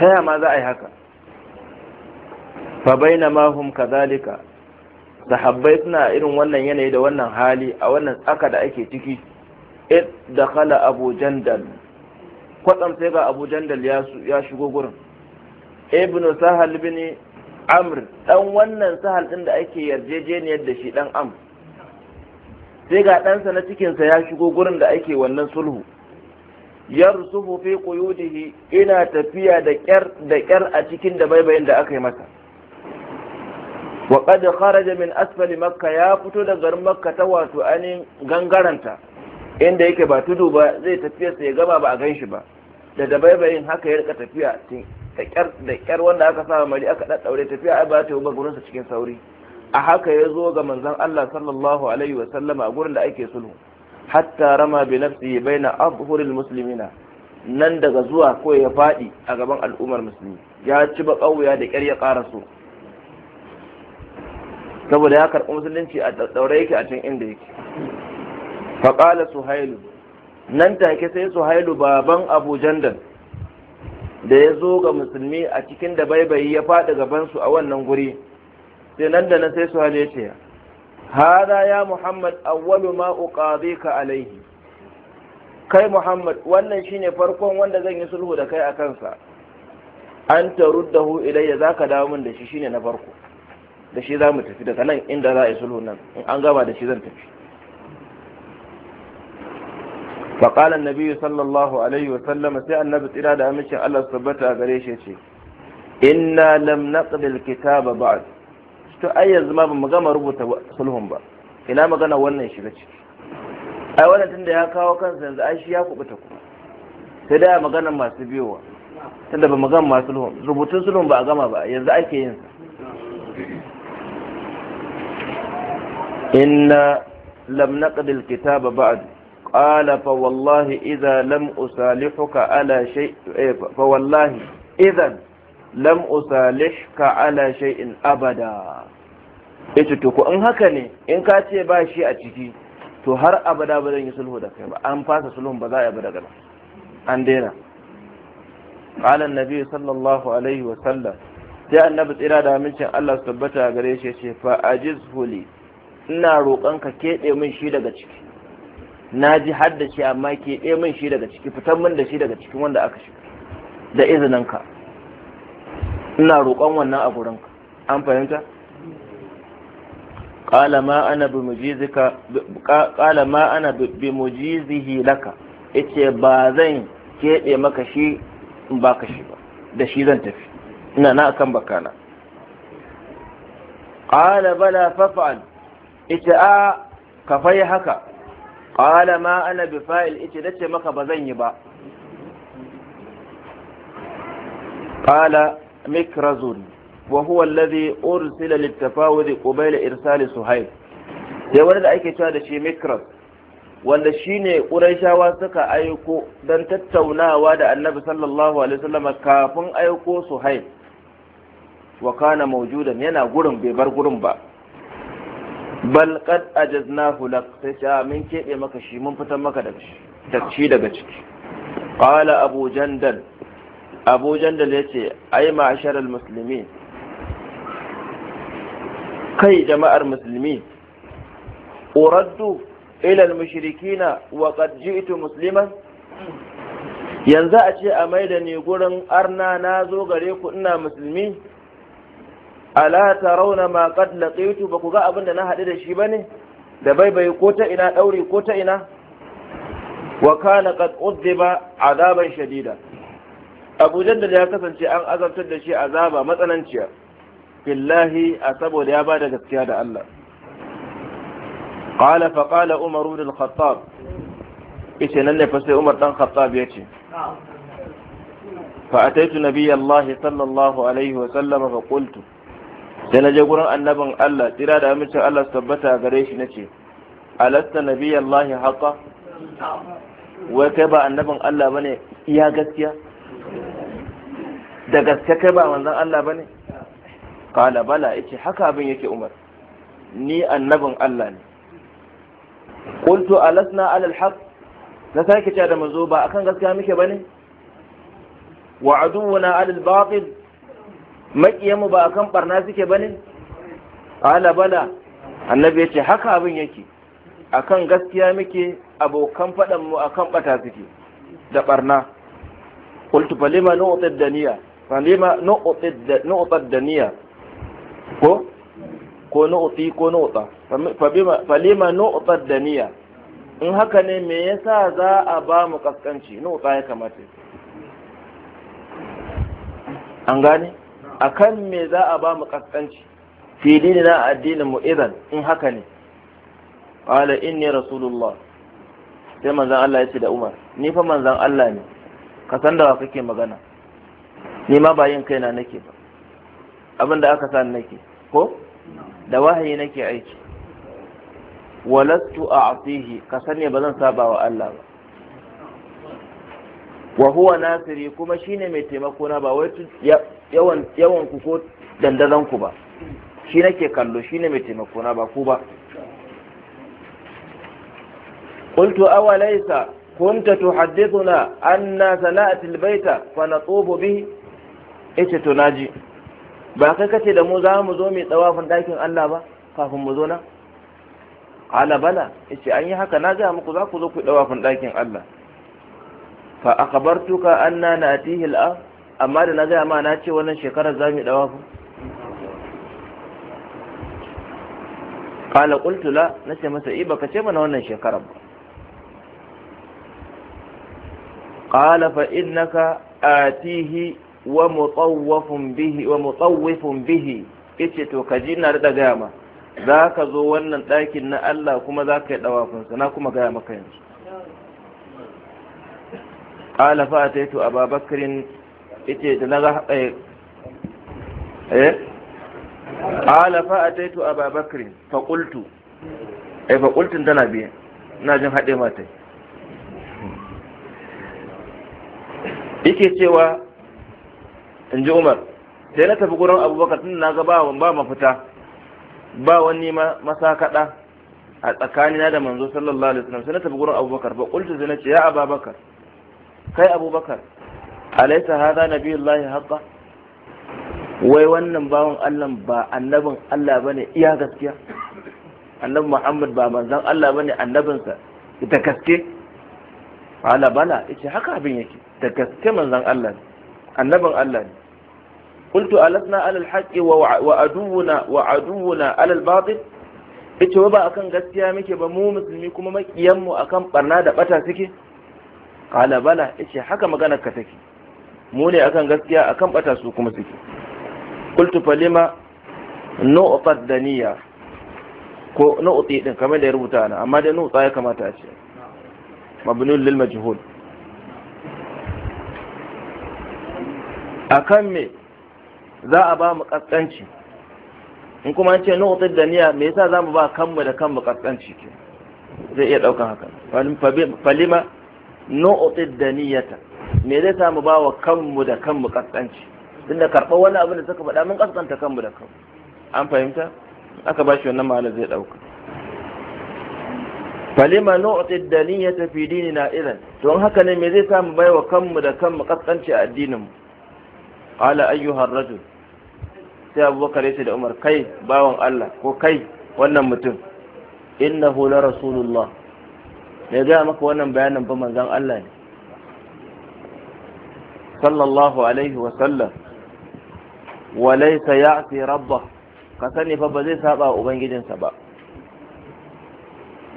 ta ya ma za a yi haka fa bainama hum kadhalika sahabbai suna irin wannan yanayi da wannan hali a wannan tsaka da ake ciki id da kala abu jandal kwatsam sai ga abu jandal ya shigo gurin ibn sahal bin amr dan wannan sahal din da ake yarjejeniyar da shi dan am sai ga ɗansa na cikinsa ya shigo gurin da ake wannan sulhu yarsufu fi quyudihi ina tafiya da kyar da kyar a cikin da baibayin da aka yi masa wa qad kharaja min asfali makka ya fito daga garin makka ta wato anin gangaranta inda yake ba tudu ba zai tafiya sai gaba ba a gan shi ba da dabaibayin haka ya rika tafiya da kyar wanda aka sa mari aka daure tafiya ai ba ta yi gurin sa cikin sauri a haka ya zo ga manzon Allah sallallahu alaihi wa sallama a gurin da ake sulhu hatta rama bi nafsi baina abhuril muslimina nan daga zuwa ko ya fadi a gaban al'ummar musulmi ya ci ba kauya da kyar ya karaso saboda ya karɓi musulunci a ɗaure yake a cikin inda yake faƙala suhailu nan take sai suhailu baban abu jandal da ya zo ga musulmi a cikin da baibayi ya faɗi gabansu a wannan guri sai nan da nan sai suhailu ya ce hada ya muhammad awwalu ma uqadika alaihi kai muhammad wannan shine farkon wanda zan yi sulhu da kai a kansa an taruddahu ilayya zaka dawo min da shi shine na farko da shi za mu tafi daga nan inda za a yi sulhu nan in an gama da shi zan tafi faƙala nabi sallallahu alaihi wasallama sai annabi tsira da amincin allah tabbata a gare shi ce inna lam naqdil kitaba ba'd to ai yanzu ma bamu gama rubuta sulhun ba ina magana wannan shiga ciki ai wannan tunda ya kawo kansa yanzu ai shi ya kubuta ku sai da magana masu biyowa tunda ba mu gama sulhun rubutun sulhun ba a gama ba yanzu ake yin sa إنا لم نقد الكتاب بعد قال فوالله إذا لم أصالحك على شيء فوالله إذا لم أصالحك to ko in haka ne in ka ce ba shi a ciki to har abada ba zan yi sulhu da kai ba an fasa sulhun ba za a yi ba daga an daina قال النبي صلى الله عليه وسلم sai annabi tsira da amincin Allah su tabbata gare shi ce fa ina roƙon ka keɓe min shi daga ciki na ji har da shi amma keɓe min shi daga ciki fitan min da shi daga cikin wanda aka shi da izinin ka. ina roƙon wannan a ka. an fahimta qala ma ana bi mujizika qala laka ba zan keɓe maka shi in ka shi ba da shi zan tafi ina na akan bakana qala bala faf'al ita a kafai haka qala ma ana bi fa'il ita nace maka ba zan yi ba qala mikrazun wa huwa alladhi ursila littafawud qabla irsali suhayl sai wani da ake cewa da shi mikraz wanda shine quraishawa suka aiko don tattaunawa da annabi sallallahu alaihi wasallam kafin aiko suhayl wa kana mawjudan yana gurin bai bar gurin ba bal kad ajaznahu lak sai ta min kebe maka shi mun fitar maka daga shi tacci daga ciki qala abu jandal abu jandal yace ai ma'ashar muslimin kai jama'ar musulmi uraddu ila al-mushrikina wa qad ji'tu musliman yanzu a ce a maida ne gurin arna na zo gare ku ina musulmi ala tarawna ma qad laqitu ba ku ga abin da na haɗu da shi bane da baibaye ko ta ina ɗaure ko ta ina wa kana qad udhiba adaban shadida abu da ya kasance an azabtar da shi azaba matsananciya billahi a saboda ya bada gaskiya da Allah qala fa qala umar ibn al-khattab yace nan ne fa sai umar dan khattab ce. fa ataitu nabiyallah sallallahu alaihi wa sallam fa qultu sai na je gurin annabin Allah tsira da amincin Allah su tabbata gare shi nace alasta nabiyallahi haqa wai kai ba annabin Allah bane iya gaskiya da gaske kai ba manzon Allah bane qala bala yace haka abin yake Umar ni annabin Allah ne qultu alasna ala alhaq na sake cewa da manzo ba akan gaskiya muke bane wa aduwuna ala albatil makiyanmu ba akan barna suke ba ne? ala bala annabi ya ce haka abin yake akan gaskiya muke abokan faɗanmu a akan ɓata suke da ɓarna. qultu falima da daniya falima nu'tid da daniya ko ko nu'ti ko nu'ta falima da daniya in haka ne me yasa za a ba mu kaskanci nu'ta ya kamata an gane A kan me za a ba mu kaskanci fi na addinin mu idan in haka ne qala inni rasulullah sai manzon Allah ya ce da Umar ni fa manzon Allah ne ka san da wa kake magana ni ma ba yin kaina nake ba abin aka sa nake ko da wahayi nake aiki walastu a'tihi ka sani ba zan saba wa Allah ba wa huwa nasiri kuma shine mai taimako na ba wai yawan ku ko dandazon ku ba shi nake kallo shi ne mai taimako na ba ku ba qultu awa laysa kunta tuhaddithuna anna sana'at albayta fa natubu bi ita to naji ba kai kace da mu za mu zo mai tsawafin dakin Allah ba kafin mu zo na ala bala an yi haka na ga muku za ku zo ku tsawafin dakin Allah fa akhbartuka anna natihi al amma da na gaya ma na ce wannan shekarar za mu dawa ku kala kultula na ce masa iba eh, ka ce mana wannan shekarar ba kala fa innaka atihi wa mutawwafun bihi wa mutawwifun bihi yace to kaji na da gaya ma za ka zo wannan ɗakin na Allah kuma za ka yi ɗawafinsa na kuma gaya maka yanzu ƙala fa taito a babakarin yace da na ga eh eh qala fa ataitu aba bakr fa qultu eh fa qultu tana biye ina jin hade mata yake cewa in ji umar sai na tafi gurin abubakar tun na ga ba mafita ba wani masakada a tsakanina da manzo sallallahu alaihi wasallam sai na tafi gurin abubakar ba kulta sai na ce ya ababakar kai abubakar alaisa hada nabiyullahi haqqa wai wannan bawan Allah ba annabin Allah bane iya gaskiya annabi Muhammad ba manzon Allah bane annabinsa ita gaske ala bala yace haka abin yake da gaske manzon Allah ne annabin Allah ne قلت ألسنا على الحق وعدونا وعدونا على الباطل ita ba akan gaskiya muke ba mu musulmi kuma mu akan barna da bata suke qala bala yace haka magana ka take mu ne akan gaskiya akan bata su kuma suke qultu falima nu'ta daniya ko nu'ti din kamar da ya rubuta ana amma da nu'ta ya kamata a ce mabnun lil majhul akan me za a ba mu kaskanci in kuma an ce nu'ta daniya me yasa za mu ba kanmu da kanmu kaskanci ke zai iya daukan haka falima nu'ti daniyata me zai samu ba wa kanmu da kanmu kaskanci tunda karɓar wani abin da suka faɗa mun kaskanta kanmu da kanmu an fahimta aka ba shi wannan ma'ana zai ɗauka falima ya tafi fi dinina idan don haka ne me zai samu bai wa kanmu da kanmu kaskanci a addinin mu qala ayyuha sai abubakar ya ce da umar kai bawan Allah ko kai wannan mutum Inna la rasulullah ne ga maka wannan bayanin ba manzon Allah ne sallallahu alaihi wasallam walaisa ya fi rabba ka sani ba zai saba a ubangijinsa ba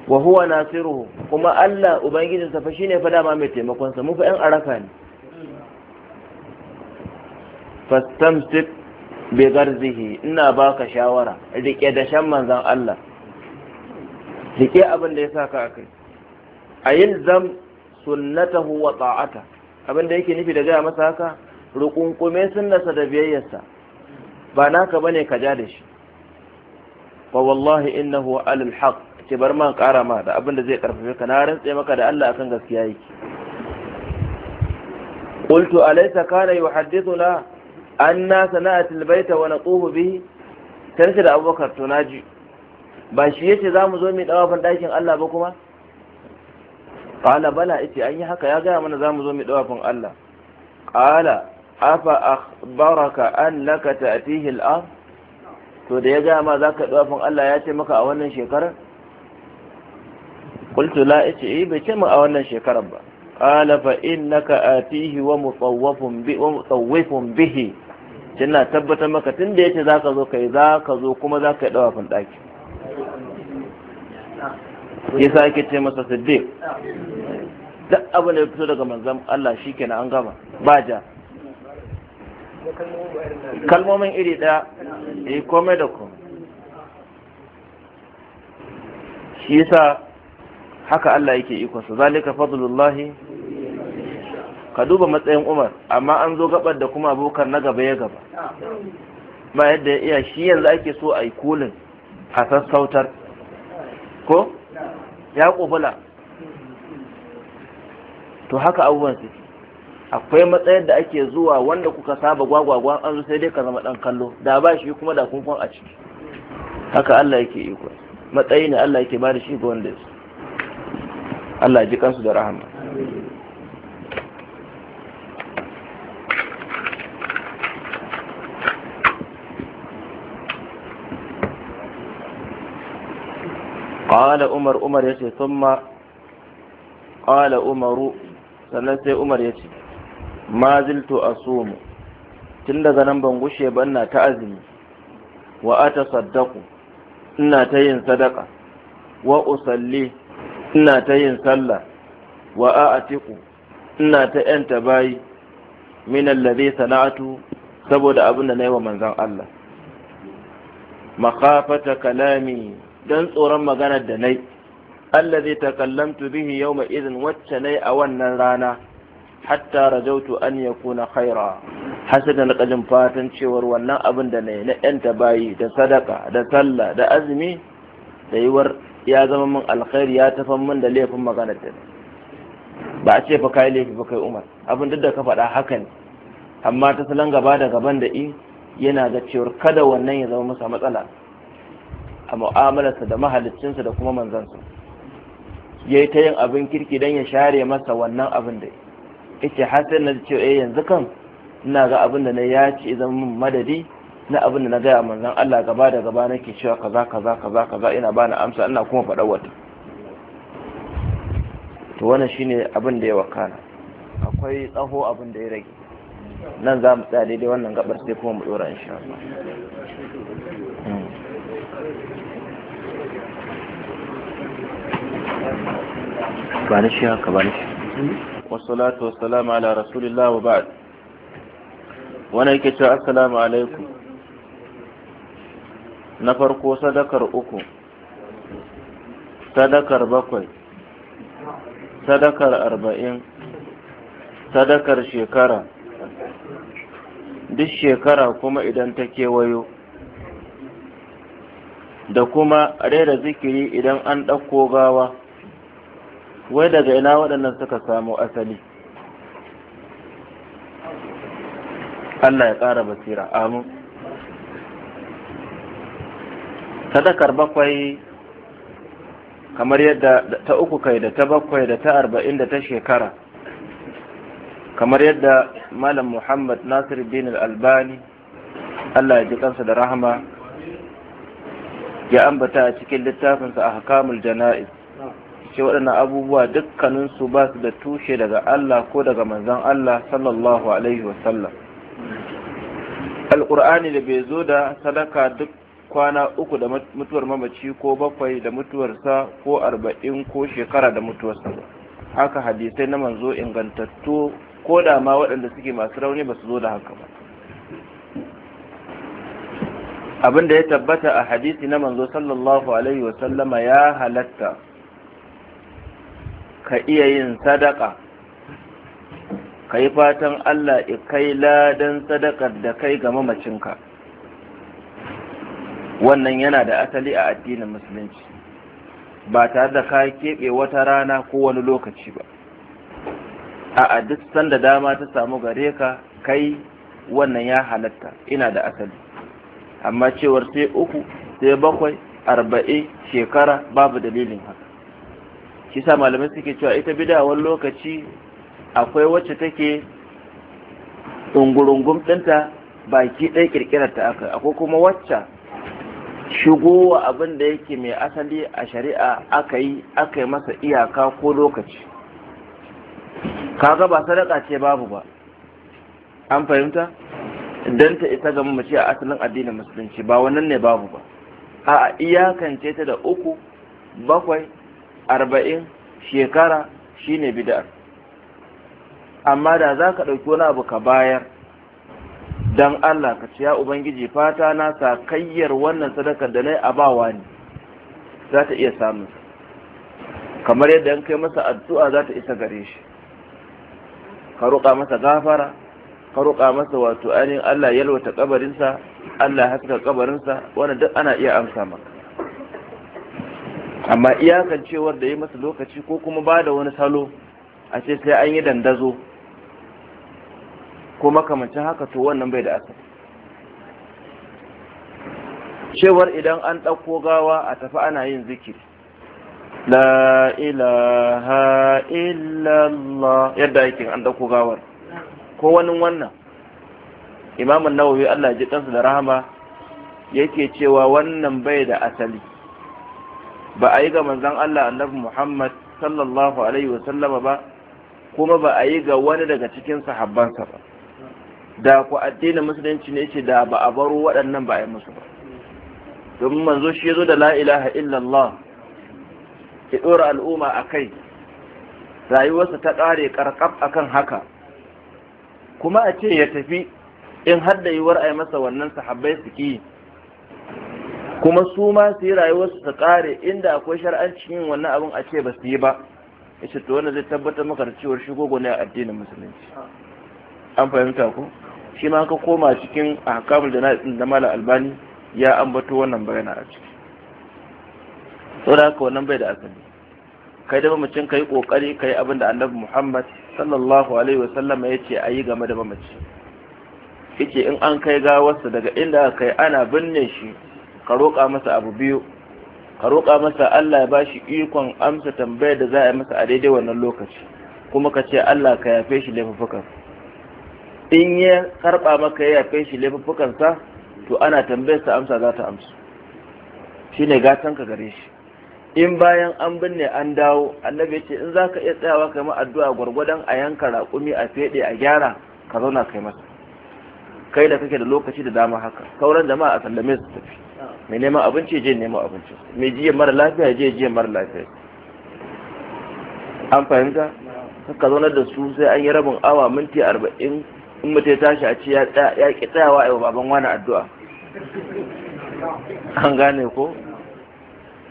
Wahuwa Nasiru. kuma Allah ubangijinsa fa shi ne fa dama mai taimakon sa mu fa yan araka ne fastamsik bi garzihi ina baka shawara rike da shan manzan Allah rike abin da ya saka akai ayil zam sunnatahu wa ta'ata abin da yake nufi da gaya masa haka rukunkume sunnarsa da biyayyarsa ba naka bane ka ja da shi wa wallahi innahu alal haqq ce bar man kara ma da abin da zai karfafe ka na rantse maka da Allah akan gaskiya yake qultu alaysa kana yuhaddithuna anna sana'atil baita wa naquhu bihi tantance da abubakar to naji ba shi yace zamu zo mu dawafin dakin Allah ba kuma qala bala ita an yi haka ya gaya mana zamu zo mu dawafin Allah qala afa akhbaraka an laka ta'tihi al-ard to da ya gaya ma zaka dawafin Allah ya ce maka a wannan shekarar qultu la ita eh bai ce mu a wannan shekarar ba qala fa innaka atihi wa mutawwafun bi wa mutawwifun bihi kina tabbatar maka tunda yace zaka zo kai zaka zo kuma zaka yi dawafin daki sa ake ce masa siddiq duk abu da ya fito daga manzan. Allah shikenan an gama ba ja kalmomin iri daya eh komai da komai shi yasa haka Allah yake iko sa zalika fadlullahi ka duba matsayin Umar amma an zo gabar da kuma abokan na gaba ya gaba ba yadda ya iya shi yanzu ake so a yi kulin a sassautar ko ya kubula to haka abubuwan su, akwai matsayar da ake zuwa wanda kuka saba gwagwagwa an zo sai dai ka zama ɗan kallo da ba shi kuma da kunkun a ciki haka Allah yake iko matsayi ne Allah yake ba da shi ga wanda ya Allah ji kansu da rahama qala umar umar yace thumma qala umaru sannan sai umar yace ma ziltu asumu tun daga nan ban gushe ba ina ta azumi wa atasaddaqu ina ta yin sadaka wa usalli ina ta yin sallah wa a'tiqu ina ta yanta bayi min alladhi sana'atu saboda abin da nayi wa manzon Allah makhafata kalami don tsoron maganar da nai allazi takallamtu bihi yawma idhin wacce nai a wannan rana hatta rajautu an yakuna khaira na rikajin fatan cewar wannan abin da nai na yanta bayi da sadaka da sallah da azumi da yiwar ya zama min alkhairi ya tafan min da laifin maganar da nai ba a ce fa kai laifi ba kai umar abin duk da ka faɗa haka ne amma ta salon gaba da gaban da i yana ga cewar kada wannan ya zama masa matsala a mu'amalarsa da mahaliccinsa da kuma manzansa ya yi ta yin abin kirki don ya share masa wannan abin da ce hasar na cewa eh yanzu kan ina ga abin da na ya ce zama madadi na abin da na gaya manzan Allah gaba da gaba nake cewa kaza kaza kaza kaza ina ba na amsa ina kuma faɗa wata to wannan shine abin da ya wakana akwai tsaho abin da ya rage nan za mu tsaya daidai wannan gabar sai kuma mu dora insha Allah hmm. ba na shi haka wasalatu wasalamu ala rasulillah wa ba'd wani yake cewa assalamu alaikum na farko sadakar uku sadakar bakwai sadakar arba'in sadakar shekara duk shekara kuma idan ta kewayo da kuma rera zikiri idan an ɗauko gawa wai daga ina waɗannan suka samu asali Allah ya ƙara basira amu sadakar bakwai kamar yadda ta uku kai da ta bakwai da ta arba'in da ta shekara kamar yadda malam muhammad Nasiru bin al-albani Allah ya ji kansa da rahama ya ambata a cikin littafinsa a hakamul jana'iz shi waɗannan abubuwa dukkaninsu ba su da tushe daga Allah ko daga manzon Allah sallallahu alaihi wasallam alƙur'ani da bai zo da sadaka duk kwana uku da mutuwar mamaci ko bakwai da mutuwarsa ko arba'in ko shekara da mutuwarsa haka hadisai na manzo ingantattu ko da ma waɗanda suke masu rauni ba su zo da haka ba abin da ya tabbata a hadisi na manzo sallallahu alaihi wasallama ya halatta ka iya yin sadaka ka yi fatan Allah kai ladan sadakar da kai ga mamacinka wannan yana da asali a addinin musulunci ba tare da ka keɓe wata rana ko wani lokaci ba a duk sanda dama ta samu gare ka kai wannan ya halatta ina da asali amma cewar sai uku sai bakwai arba'in shekara babu dalilin haka shi sa malamai suke cewa ita bida wani lokaci akwai wacce take ɗungurungun ɗinta baki ɗaya ƙirƙirar ta aka akwai kuma wacce shigowa abin da yake mai asali a shari'a aka yi aka yi masa iyaka ko lokaci kaga ba sadaka ce babu ba an fahimta dan ta isa ga mace a asalin addinin musulunci ba wannan ne babu ba a iyakance ta da uku bakwai arba'in shekara shine bid'ar amma da za ka ɗauki wani abu ka bayar don Allah ka ciya Ubangiji fata na sakayyar wannan sadakar da na yi abawa ne za ta iya samun kamar yadda an kai masa addu'a za ta isa gare shi ka roƙa masa gafara ka masa wato ainihin Allah yalwata kabarinsa Allah haska kabarinsa wannan duk ana iya amsa maka amma iyakan cewar da yi masa lokaci ko kuma ba da wani salo a ce sai an yi dandazo ko makamancin haka to wannan bai da asali cewar idan an ɗauko gawa a tafi ana yin zikiri la ilaha illallah yadda yake an ɗauko gawar ko wani wannan imamun nawawi Allah ji ɗansu da rahama yake cewa wannan bai da asali ba a yi ga manzon Allah annabi Muhammad sallallahu alaihi wa ba kuma ba a yi ga wani daga cikin sahabbansa ba da ku addinin musulunci ne ce da ba a baro waɗannan ba a yi musu ba domin manzo shi ya zo da lailaha illallah ki ɗora al'umma a kai rayuwarsa ta ƙare ƙarƙaf akan haka kuma a ce ya tafi in har da yiwuwar a yi masa wannan sahabbai su ki kuma su ma su yi rayuwarsu su kare inda akwai shar'an yin wannan abin a ce ba su yi ba Ya ce to wanda zai tabbatar maka da cewar shigo ne a addinin musulunci an fahimta ko shi ma ka koma cikin ahkamul jana'iz da mala albani ya ambato wannan bayana a ciki saboda haka wannan bai da asali kai da mamacin kai kokari kai abin da annabi muhammad sallallahu alaihi wasallama ya ce a yi game da mamaci yake in an kai gawarsa daga inda aka kai ana binne shi ka roƙa masa abu biyu ka roƙa masa Allah ya bashi ikon amsa tambayar da za a yi masa a daidai wannan lokaci kuma ka ce Allah ka yafe shi laifuffukan in ya karɓa maka ya yafe shi laifuffukansa to ana tambayar sa amsa za ta amsa shine gatan ka gare shi in bayan an binne an dawo annabi ce in za ka iya tsayawa kai addu'a gwargwadon a yanka raƙumi a feɗe a gyara ka zauna kai masa kai da kake da lokaci da dama haka sauran jama'a a sallame su tafi mai neman abinci je neman abinci mai jiya mara lafiya je jiya mara lafiya an fahimta ka zaunar da su sai an yi rabin awa minti arba'in in mutum ya tashi a ce ya ƙi tsayawa a yi baban wani addu'a an gane ko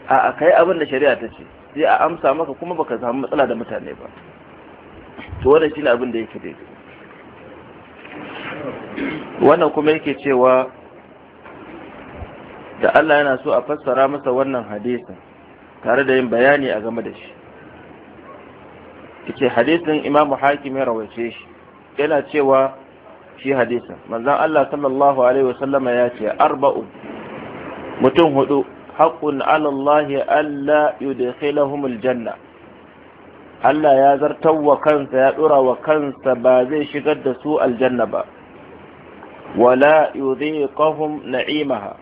a kai abin da shari'a ta ce sai a amsa maka kuma baka samu matsala da mutane ba to wannan shine abin da yake daidai wannan kuma yake cewa da Allah yana so a fassara masa wannan hadisin tare da yin bayani a game da shi yake hadisin Imam Hakim ya rawaice shi yana cewa shi hadisin manzon Allah sallallahu alaihi wasallama ya ce arba'u mutum hudu Haƙƙun alallahi Allah yudkhilahumul janna Allah ya zartar wa kansa ya ɗora wa kansa ba zai shigar da su aljanna ba wala yudhiqahum na'imaha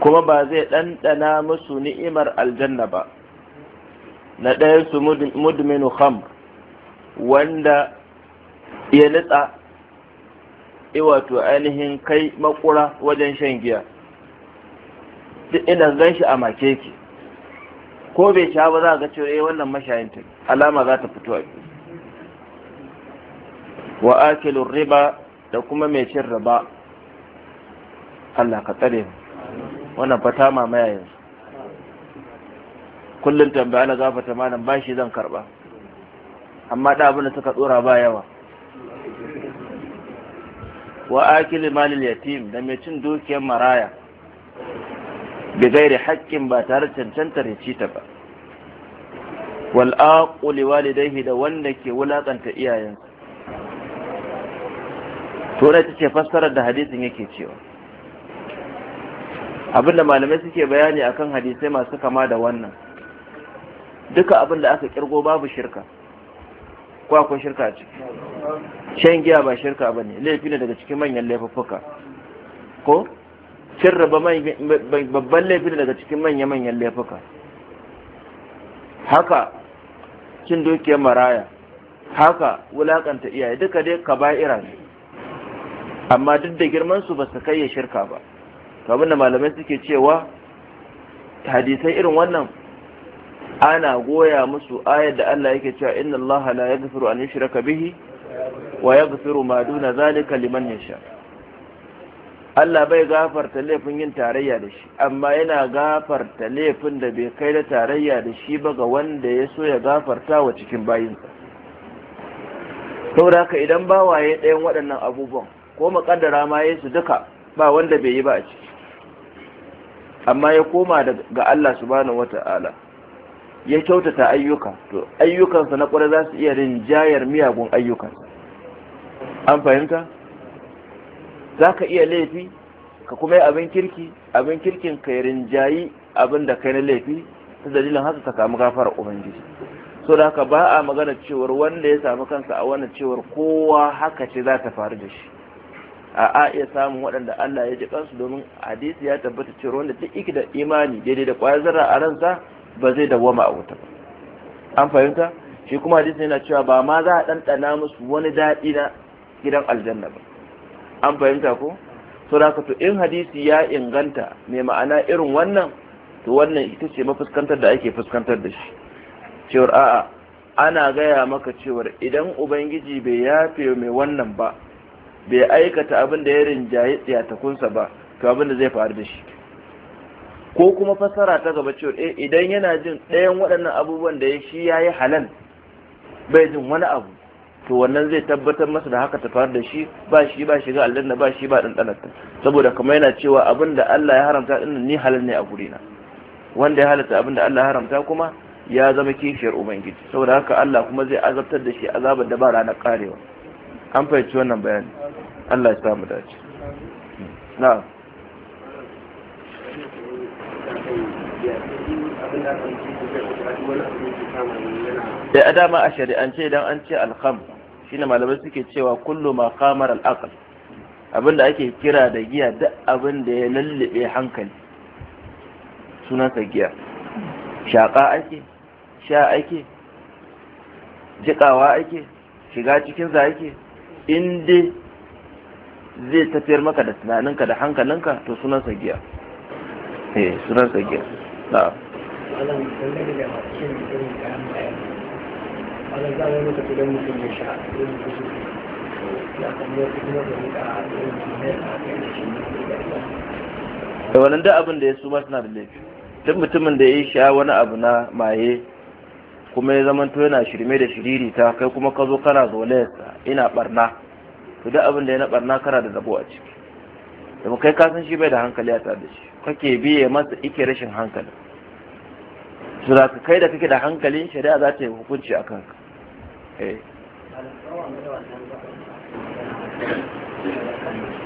kuma ba zai ɗanɗana musu ni'imar aljanna ba na ɗaya su mudminu khamr wanda ya nitsa wato ainihin kai makura wajen shan giya duk idan gan shi a make yake. ko bai sha ba za ga cewa eh wannan mashayin ta alama za ta fito a wa akilu riba da kuma mai cin riba Allah ka tsare mu wannan fata mamaya yanzu kullum tambaya na gafata malam bashi zan karba amma da abin da suka tsora ba yawa wa akili malil yatim da mai cin dukiyar maraya bi gairi haƙƙin ba tare cancantar ya ci ta ba wal aqu li walidayhi da wanda ke wulaƙanta iyayensa to ce fassarar da hadisin yake cewa abinda malamai suke bayani akan hadisai masu kama da wannan duka abinda aka kirgo babu shirka ko akwai shirka ce shan giya ba shirka bane laifi ne daga cikin manyan laifuffuka ko cin babban laifi daga cikin manya-manyan laifuka haka cin dukiyar maraya haka wulakanta iyaye duka dai ka ba'ira ne amma duk da girman su ba su kai ya shirka ba kamar da malamai suke cewa hadisai irin wannan ana goya musu ayar da Allah yake cewa inna Allah la yaghfiru an yushraka bihi wa yaghfiru ma duna zalika liman yasha' Allah bai gafarta laifin yin tarayya da shi amma yana gafarta laifin da bai kai da tarayya da shi ba ga wanda ya so ya gafarta wa cikin bayinsa saboda haka idan ba waye ɗayan waɗannan abubuwan ko makaddara ma ya su duka ba wanda bai yi ba a ciki amma ya koma ga Allah subhanahu wata'ala ya kyautata ayyuka to ayyukansa na ƙwarai za su iya rinjayar miyagun ayyukansa an fahimta za ka iya laifi ka kuma yi abin kirki abin kirkin ka rinjayi abin da kai na laifi ta dalilin haka ta samu gafara ubangiji so da haka ba a magana cewar wanda ya samu kansa a wannan cewar kowa haka ce za ta faru da shi a a iya samun waɗanda Allah ya ji kansu domin hadisi ya tabbata cewar wanda duk iki da imani daidai da kwayar zarra a ransa ba zai dawwama a wuta ba an fahimta shi kuma hadisi yana cewa ba ma za a ɗanɗana musu wani daɗi na gidan aljanna ba an fahimta ko so da to in hadisi ya inganta mai ma'ana irin wannan to wannan ita ce mafuskantar da ake fuskantar da shi cewar a'a ana gaya maka cewar idan ubangiji bai yafe mai wannan ba bai aikata abin da ya rinjaye tsiyatakunsa ba to abin da zai faru da shi ko kuma fasara ta gaba cewar eh idan yana jin ɗayan waɗannan abubuwan da ya shi ya yi halal bai jin wani abu to wannan zai tabbatar masa da haka ta faru da shi ba shi ba shiga aljanna ba shi ba dandanarta saboda kuma yana cewa abin da Allah ya haramta din ni halal ne a na wanda ya halatta abin da Allah ya haramta kuma ya zama kishiyar ubangiji saboda haka Allah kuma zai azabtar da shi azabar da ba rana karewa an fahimci wannan bayani Allah ya samu dace na da adama a shari'ance idan an ce alkham ne malamai suke cewa kullum ma qamar al abinda ake kira da giya da abin da ya lallabe hankali sunansa giya shaƙa ake sha ake jiƙawa ake shiga cikinsa ake in dai zai tafiyar maka da tunaninka da hankalinka to sunansa giya eh sunansa giya na'am kaga za wani lokaci idan mutum ya sha irin su ne. ya kamar kuma da rika irin su ne a kan shi da wannan da abin da ya su ma suna da laifi duk mutumin da ya sha wani abu na maye kuma ya zama to yana shirme da shiriri ta kai kuma ka zo kana zolayarsa ina barna to duk abin da ya na barna kana da zabo a ciki da kai ka san shi bai da hankali a tare da shi kake biye masa ike rashin hankali su kai da kake da hankalin shari'a za ta yi hukunci a kanka eh da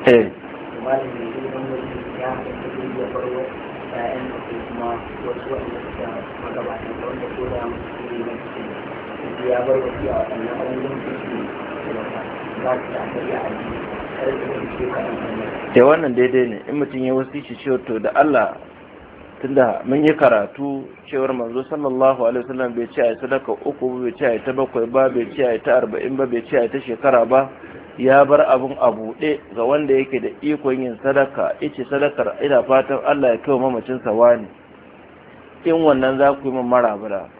eh. eh, wannan daidai ne in mutum ya wasu shi to da Allah tunda mun yi karatu cewar manzo sallallahu alaihi wasallam bai ce a sadaka uku ba bai ce a ta bakwai ba bai ce a ta arba'in ba bai ce a ta shekara ba ya bar abun a buɗe ga wanda yake da ikon yin sadaka ice sadakar ina fatan Allah ya kai mamacin sa wani in wannan za ku yi min marabara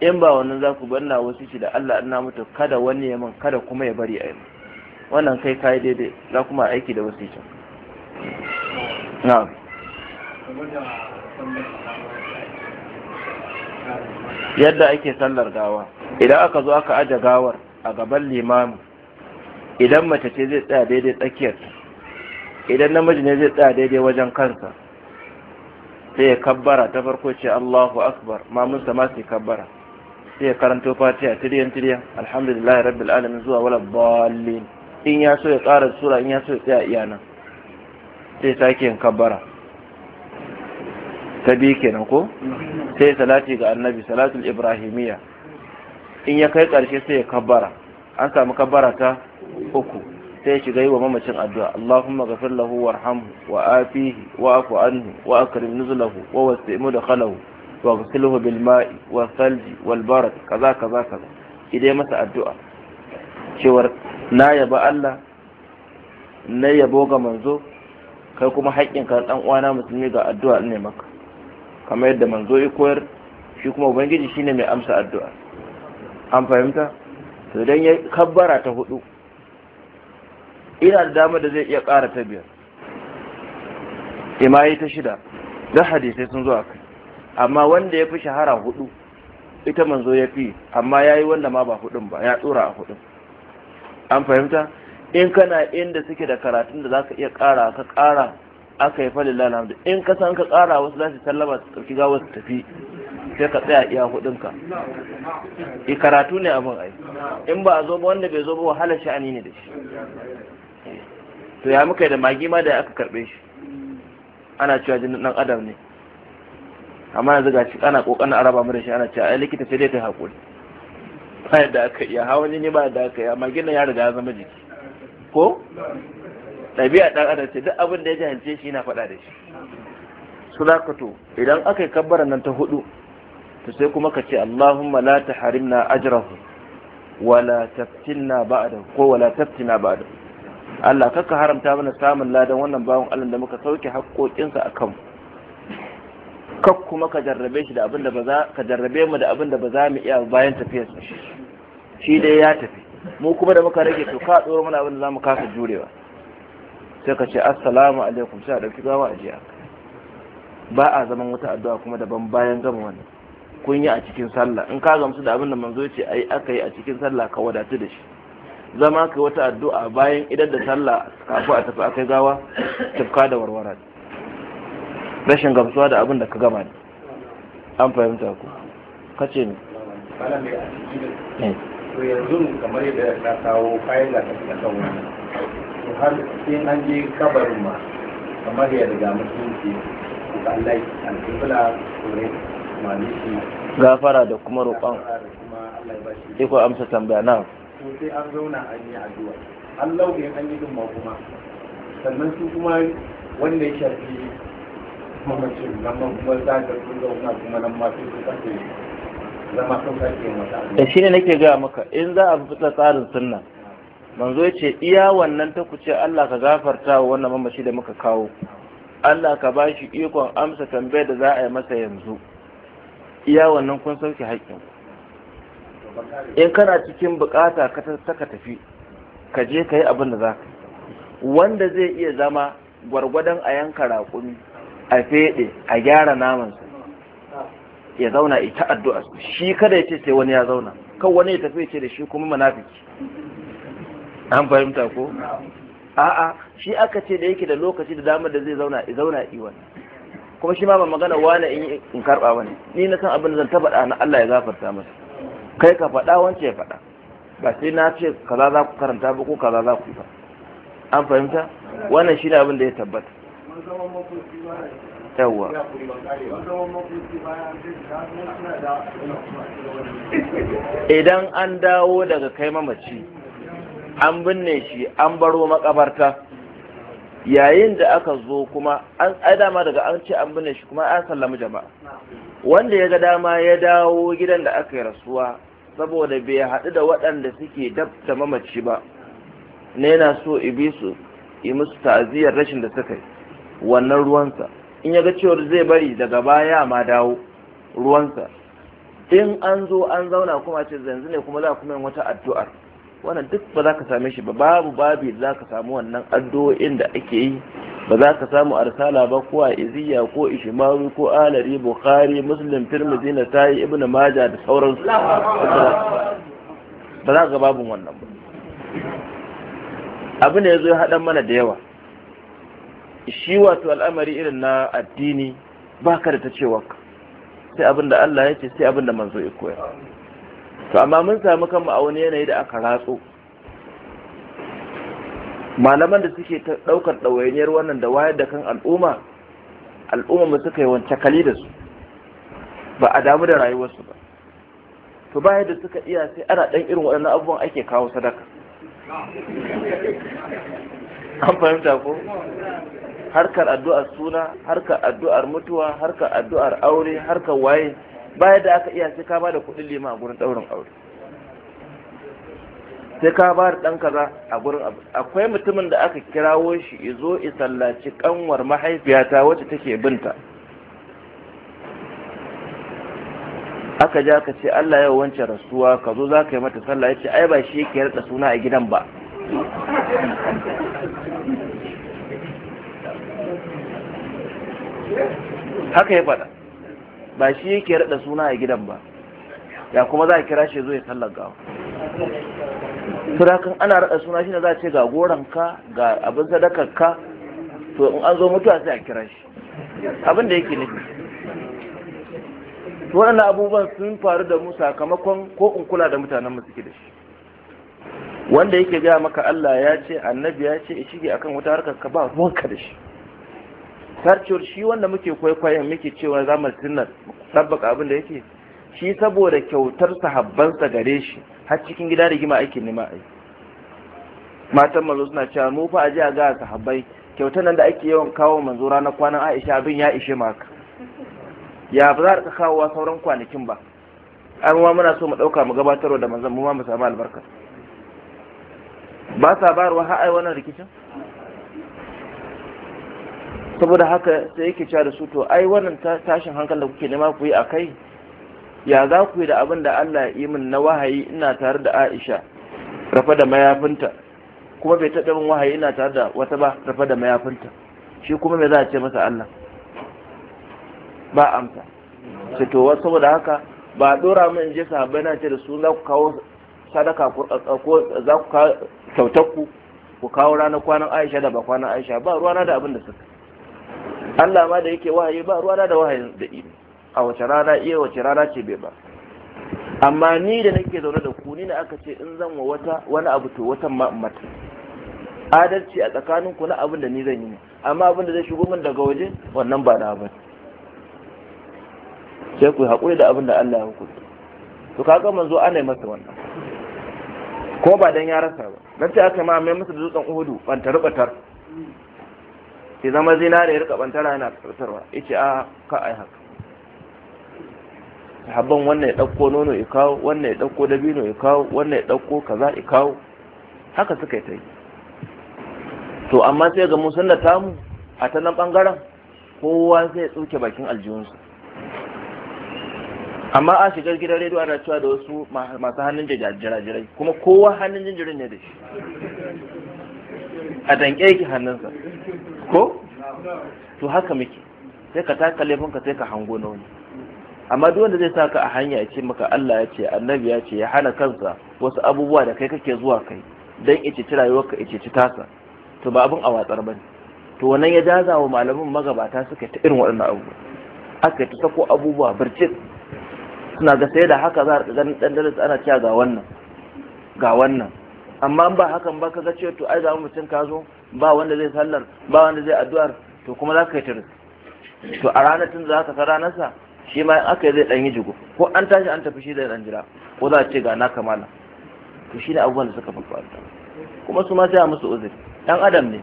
in ba wannan za ku banna wasu shi da Allah ina mutu kada wani ya min kada kuma ya bari a yi wannan kai kai daidai za kuma aiki da wasu na'am yadda ake sallar gawa idan aka zo aka aje gawar a gaban limamu idan mace ce zai tsaya daidai tsakiyar idan namiji ne zai tsaya daidai wajen kansa sai ya kabbara ta farko ce Allahu akbar mamunsa ma sai kabbara sai ya karanto fatiha tiriyan tiriyan alhamdulillahi rabbil alamin zuwa wala dallin in ya so ya ƙara sura in ya so ya tsaya iyana sai sake yin kabbara ta biyu kenan ko sai salati ga annabi salatul ibrahimiyya in ya kai karshe sai ya kabbara an samu kabbara ta uku sai ya shiga yi wa mamacin addu'a Allahumma ghafir lahu warhamhu wa afihi wa afu anhu wa akrim nuzulahu wa wasi' mudkhalahu wa ghsilhu bil ma'i wa thalji wal barad kaza kaza kaza idai masa addu'a cewar na yaba Allah na yabo ga manzo kai kuma haƙƙin ka dan uwana musulmi ga addu'a ne maka kamar yadda manzo ya koyar shi kuma ubangiji shine mai amsa addu'a an fahimta to dan ya kabbara ta hudu ina da dama da zai iya ƙara ta biyar imayi ta shida da hadisai sun zo a kai amma wanda ya fi shahara hudu ita manzo ya fi amma ya yi wanda ma ba hudun ba ya tsura a hudun an fahimta in kana inda suke da karatun da za ka iya ƙara ka ƙara aka yi falin lalhamdu in ka san ka ƙara wasu za su sallama su ɗauki ga wasu tafi sai ka tsaya iya hudunka i karatu ne abin ai in ba a zo ba wanda bai zo ba wahalar sha'ani ne da shi to ya muka yi da magi ma da aka karbe shi ana cewa jinin nan adam ne amma yanzu ga shi ana ƙoƙarin araba mu da shi ana cewa ai likita sai dai ta haƙuri ba yadda aka iya hawan jini ba yadda aka iya magin nan ya riga ya zama jiki ko ɗabi'a ɗan adam ce duk abin da ya jahilce shi yana faɗa da shi su to idan aka yi kabbara nan ta hudu to sai kuma ka ce Allahumma la tahrimna ajrahu wala taftinna ba'da ko wala taftina ba'da Allah kaka haramta mana samun ladan wannan bawon Allah da muka sauke haƙƙoƙinsa a kanmu kak kuma ka jarrabe shi da abin da ba za ka jarrabe mu da abin da ba za mu iya bayan tafiyar shi dai ya tafi mu kuma da muka rage to ka tsoro mana abin da za mu kasa jurewa sai ka ce assalamu alaikum sai a ɗauki gawa a jiya ba a zaman wata addu'a kuma daban bayan gama wani kun yi a cikin sallah in ka gamsu da abin da manzo ce ai aka yi a cikin sallah ka wadatu da shi zama kai wata addu'a bayan idan da sallah kafin a tafi akai gawa tafka da warwara rashin gamsuwa da abin da ka gama ne an fahimta ku Ka ce ne eh. yanzu kamar yadda na kawo kayan da ta wani su har sai an je kabarin ma kamar ya riga mutunci da Allah ya alƙibla sore maliki gafara da kuma roƙon sai iko amsa tambaya na to sai an zauna an yi addu'a Allah ya an yi ma kuma sannan su kuma wanda ya shafi mamacin nan ma kuma za ka sun zauna kuma nan ma sun kake zama sun kake mata da shi ne nake gaya maka in za a fi tsarin sunna manzo yace, ce iya wannan ta kuce ce Allah ka gafarta wa wannan mamaci da muka kawo Allah ka ba shi ikon amsa tambayar da za a yi masa yanzu iya wannan kun sauke haƙƙin in kana cikin bukata ka saka tafi ka je ka yi abin da za ka wanda zai iya zama gwargwadon a yanka raƙumi a feɗe a gyara namansa ya zauna ita addu'a shi kada ya ce sai wani ya zauna kan wani ya tafi ya ce da shi kuma munafiki an fahimta ko a'a shi aka ce da yake da lokaci da damar da zai zauna zauna wani kuma shi ma ba magana wani in in karba wani ni na san abin da zan ta na Allah ya gafarta masa kai ka faɗa wance ya faɗa ba sai na ce kaza za ku karanta ba ko kaza za ku ba an fahimta wannan shi ne abin da ya tabbata yawwa idan an dawo daga kai mamaci an binne shi an baro makabarta yayin da aka zo kuma an dama daga an ce an binne shi kuma an sallama jama'a wanda ya ga dama ya dawo gidan da aka yi rasuwa saboda bai haɗu da waɗanda suke dab da mamaci ba na yana so ibi su yi musu ta'aziyar rashin da suka yi wannan ruwansa in ya ga cewar zai bari daga baya ma dawo ruwansa in an zo an zauna kuma ce zanzu ne kuma za kuma yin wata addu'ar wannan duk ba za ka same shi ba babu babi za ka samu wannan addu'o'in da ake yi ba za ka samu arsala ba ko a iziya ko ishimaru ko alari bukhari muslim firmizi na tayi ibn maja da sauransu ba za ka babu wannan ba abin da ya zo haɗa mana da yawa shi wato al'amari irin na addini ba ka da ta cewa sai abin da Allah ya ce sai abin da manzo ya koya to amma mun samu kanmu a wani yanayi da aka ratso malaman da suke ɗaukar ɗawainiyar wannan da wayar da kan al'umma al'umma mu suka yi wance kali da su ba a damu da rayuwarsu ba to baya da suka iya sai ana dan irin waɗannan abubuwan ake kawo sadaka an fahimta ko harkar addu'ar suna harkar addu'ar mutuwa harkar addu'ar aure harkar waye bayan da aka iya sai ka ba da kuɗin lima a gurin ɗaurin aure sai ka ba da ɗan kaza a gurin abu akwai mutumin da aka kirawo shi ya zo ya sallaci kanwar mahaifiyata wacce take binta aka ja ka ce Allah yau wance rasuwa ka zo za ka yi mata sallah ya ce ai ba shi yake rada suna a gidan ba haka ya faɗa ba shi yake rada suna a gidan ba ya kuma za a kira shi zo ya sallar gawa ana raɗa suna shi ne za a ce ga goranka ga abin sadakarka to in an zo mutuwa sai a kira shi abin da yake nufi waɗannan abubuwan sun faru da mu sakamakon ko in kula da mutanen mu suke da shi wanda yake gaya maka Allah ya ce annabi ya ce shige akan wata harkar ka ba ruwanka da shi tarciyar shi wanda muke kwaikwayon muke cewa zamar sunnar sabbaka abin da yake shi saboda kyautar sahabbansa gare shi har cikin gida da gima aikin nema ai matan manzo suna cewa mu fa aje a ga sahabbai kyautar nan da ake yawan kawo manzo ranar kwanan Aisha abin ya ishe maka ya ba za ka kawo sauran kwanakin ba an ma muna so mu dauka mu gabatar da manzon mu ma mu samu albarka ba sa barwa har ai wannan rikicin saboda haka sai yake cewa da su to ai wannan tashin hankali da kuke nema ku yi a kai ya za ku yi da abin da Allah ya yi min na wahayi ina tare da Aisha rafa da mayafinta kuma bai taɓa min wahayi ina tare da wata ba rafa da mayafinta shi kuma me za a ce masa Allah ba amsa sai to saboda haka ba dora min je sahabbai na ce da su za ku kawo sadaka ko za ku kawo kyautar ku ku kawo ranar kwanan Aisha da ba kwanan Aisha ba ruwana da abin da suka Allah ma da yake wahayi ba ruwa da wahayin da ido a wace rana iya wace rana ce bai ba amma ni da nake zaune da ku ni na aka ce in zan wa wata wani abu to watan ma mata adalci a tsakanin ku na abin da ni zan yi amma abin da zai shigo min daga waje wannan ba na ba sai ku haƙuri da abin da Allah ya hukunta to kaga manzo ana masa wannan ko ba dan ya rasa ba dan sai aka ma mai masa da dutsen Uhudu ban tarbatar Sai zama zinare ya rika bantara yana tsartarwa yace a ka yi haka sahabban wannan ya ɗauko nono ya kawo wannan ya dauko dabino ya kawo wannan ya ka kaza a kawo haka suka yi ta yi to amma sai ga mu sun da tamu a ta nan kowa sai ya tsuke bakin aljihunsu amma a shigar gidan rediyo ana cewa da wasu masu hannun jirajirai kuma kowa hannun jinjirin ne da shi a danke yake hannunsa ko to haka muke sai ka taka laifin ka sai ka hango na wani amma duk wanda zai saka a hanya ya ce maka Allah ya ce annabi ya ce ya hana kansa wasu abubuwa da kai kake zuwa kai dan ice ci rayuwarka ice ci tasa to ba abin a watsar bane to wannan ya jaza wa malamin magabata suka ta irin waɗannan abubuwa aka ta sako abubuwa bircin suna ga sai da haka za a ganin dan dalis ana cewa ga wannan ga wannan amma ba hakan ba ka ga cewa to ai za mu mutum ka zo ba wanda zai sallar ba wanda zai addu'ar to kuma za ka yi tiris to a ranar tun za ka sa ranarsa shi ma in aka yi zai ɗan yi jigo ko an tashi an tafi shi zai dan jira ko za a ce ga na kamala to shi ne abubuwan da suka faru kuma su ma sai a musu uzuri dan adam ne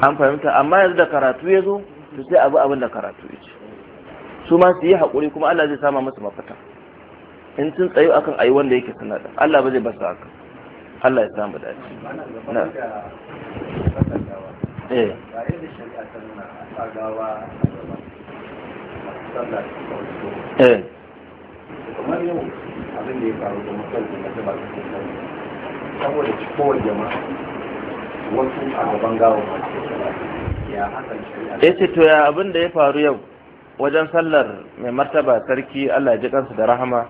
an fahimta amma yanzu da karatu ya zo to sai abu abin da karatu ya ce su ma su yi haƙuri kuma Allah zai sama musu mafita in sun tsayo akan ayi wanda yake sanada Allah ba zai basu haka Allah ya samu dace na eh eh kamar yau abin da ya faru da mutum da ta ba su saboda cikowar jama'a wasu a gaban gawa ya hakan shari'a ya ce to ya abin da ya faru yau wajen sallar mai martaba sarki Allah ya ji kansu da rahama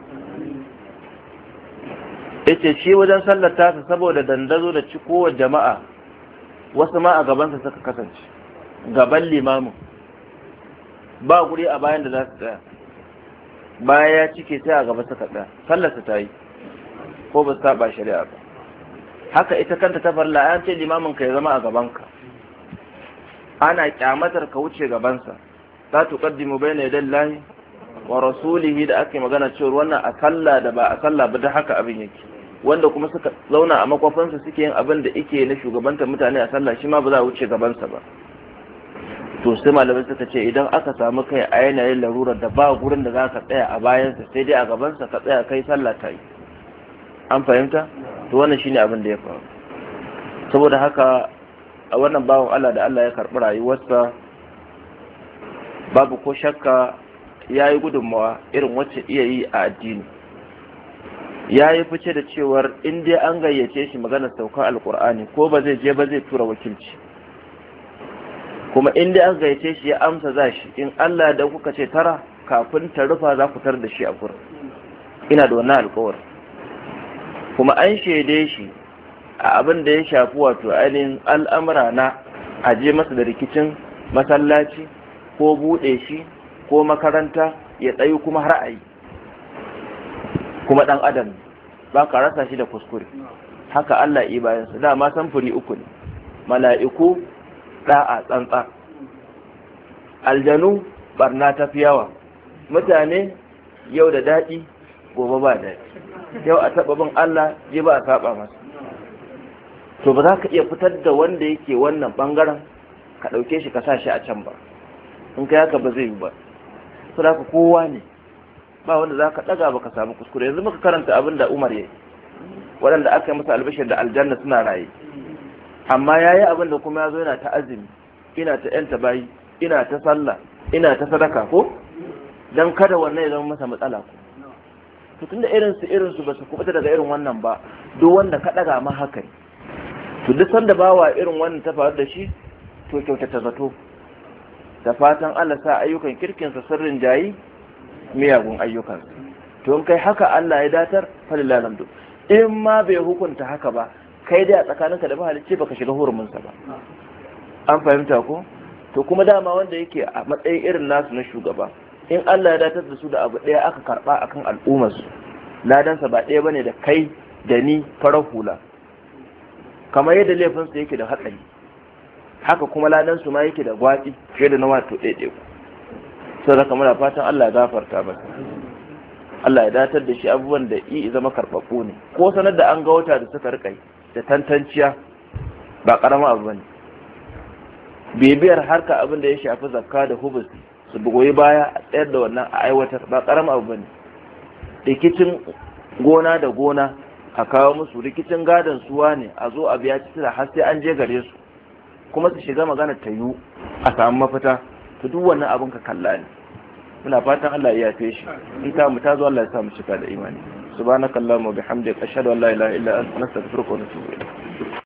yace shi wajen sallar tasa saboda dandazo da cikowar jama'a wasu ma a gabansa suka kasance gaban limamin ba guri a bayan da za su tsaya baya ya cike sai a gaba suka tsaya sallarsa ta yi ko ba su saba shari'a ba haka ita kanta ta farla an ce limamin ka ya zama a gabanka ana kyamatar ka wuce gabansa tu tuqaddimu bayna yaday Allah wa rasulihi da ake magana cewa wannan a sallah da ba a sallah ba da haka abin yake wanda kuma suka zauna a makwafansa suke yin abin da ike na shugabanta mutane a sallah shi ma ba za a wuce gabansa ba to sai malamai suka ce idan aka samu kai a yanayin larurar da ba gurin da za ka tsaya a bayansa sai dai a gabansa ka tsaya kai sallah ta yi an fahimta to wannan shine abin da ya faru saboda haka a wannan bawan Allah da Allah ya karɓi rayuwarsa babu ko shakka ya yi gudunmawa irin wacce iya yi a addini ya yi fice da cewar in an gayyace shi maganar saukar alkur'ani ko ba zai je ba zai tura wakilci kuma inda dai an gayyace shi ya amsa za shi in allah da kuka ce tara kafin ta rufa za ku tar da shi a kur ina da wannan alkawar kuma an shaide shi a abin da ya shafi wato ainihin al'amura na a je masa da rikicin masallaci ko buɗe shi ko makaranta ya tsayi kuma har a yi kuma dan adam ba ka rasa shi da kuskure haka Allah yi bayan su dama samfuri uku ne mala'iku da'a tsantsa aljanu barna ta fi yawa mutane yau da daɗi gobe ba daɗi yau a taɓa bin Allah ji ba a saba masa to ba za ka iya fitar da wanda yake wannan bangaren ka ɗauke shi ka sa shi a can ba in ka yaka ba zai yi ba ka kowa ne ba wanda za ka ɗaga ba ka samu kuskure yanzu muka karanta abin da umar ya waɗanda aka yi masa albashir da aljanna suna raye amma ya yi abin da kuma ya zo yana ta azumi ina ta yanta bayi ina ta sallah ina ta sadaka ko don kada wannan ya zama masa matsala ko to tunda irinsu irinsu ba su kubuta daga irin wannan ba duk wanda ka ɗaga ma haka ne to duk sanda bawa irin wannan ta faru da shi to kyautata zato da fatan Allah sa ayyukan kirkinsa sirrin jayi miyagun ayyukan to in kai haka Allah ya datar falilal hamdu in ma bai hukunta haka ba kai dai a tsakaninka da mahalicci baka shiga hurumunsa ba an fahimta ko to kuma dama wanda yake a matsayin irin nasu na shugaba in Allah ya datar da su da abu ɗaya aka karɓa akan al'ummar su ladansa ba ɗaya bane da kai da ni farar hula kamar yadda laifinsa yake da hatsari haka kuma ladansu ma yake da gwatsi fiye da na wato ɗaiɗaiku sai zaka muna fatan Allah ya gafarta masa Allah ya datar da shi abubuwan da i zama karɓaɓɓu ne ko sanar da an ga wata da suka rika da tantanciya ba ƙarama abu bane bibiyar harka abin da ya shafi zakka da hubus su bugoyi baya a tsayar da wannan a aiwatar ba ƙarama abu bane rikicin gona da gona a kawo musu rikicin gadon suwa ne a zo a biya cikin har sai an je gare su kuma su shiga magana ta yiwu a samu mafita to duk wannan abin ka kalla ne muna fatan Allah ya yafe shi ita mu ta zo Allah ya sa mu cika da imani subhanakallahumma bihamdika ashhadu an la ilaha illa anta astaghfiruka wa atubu ilaik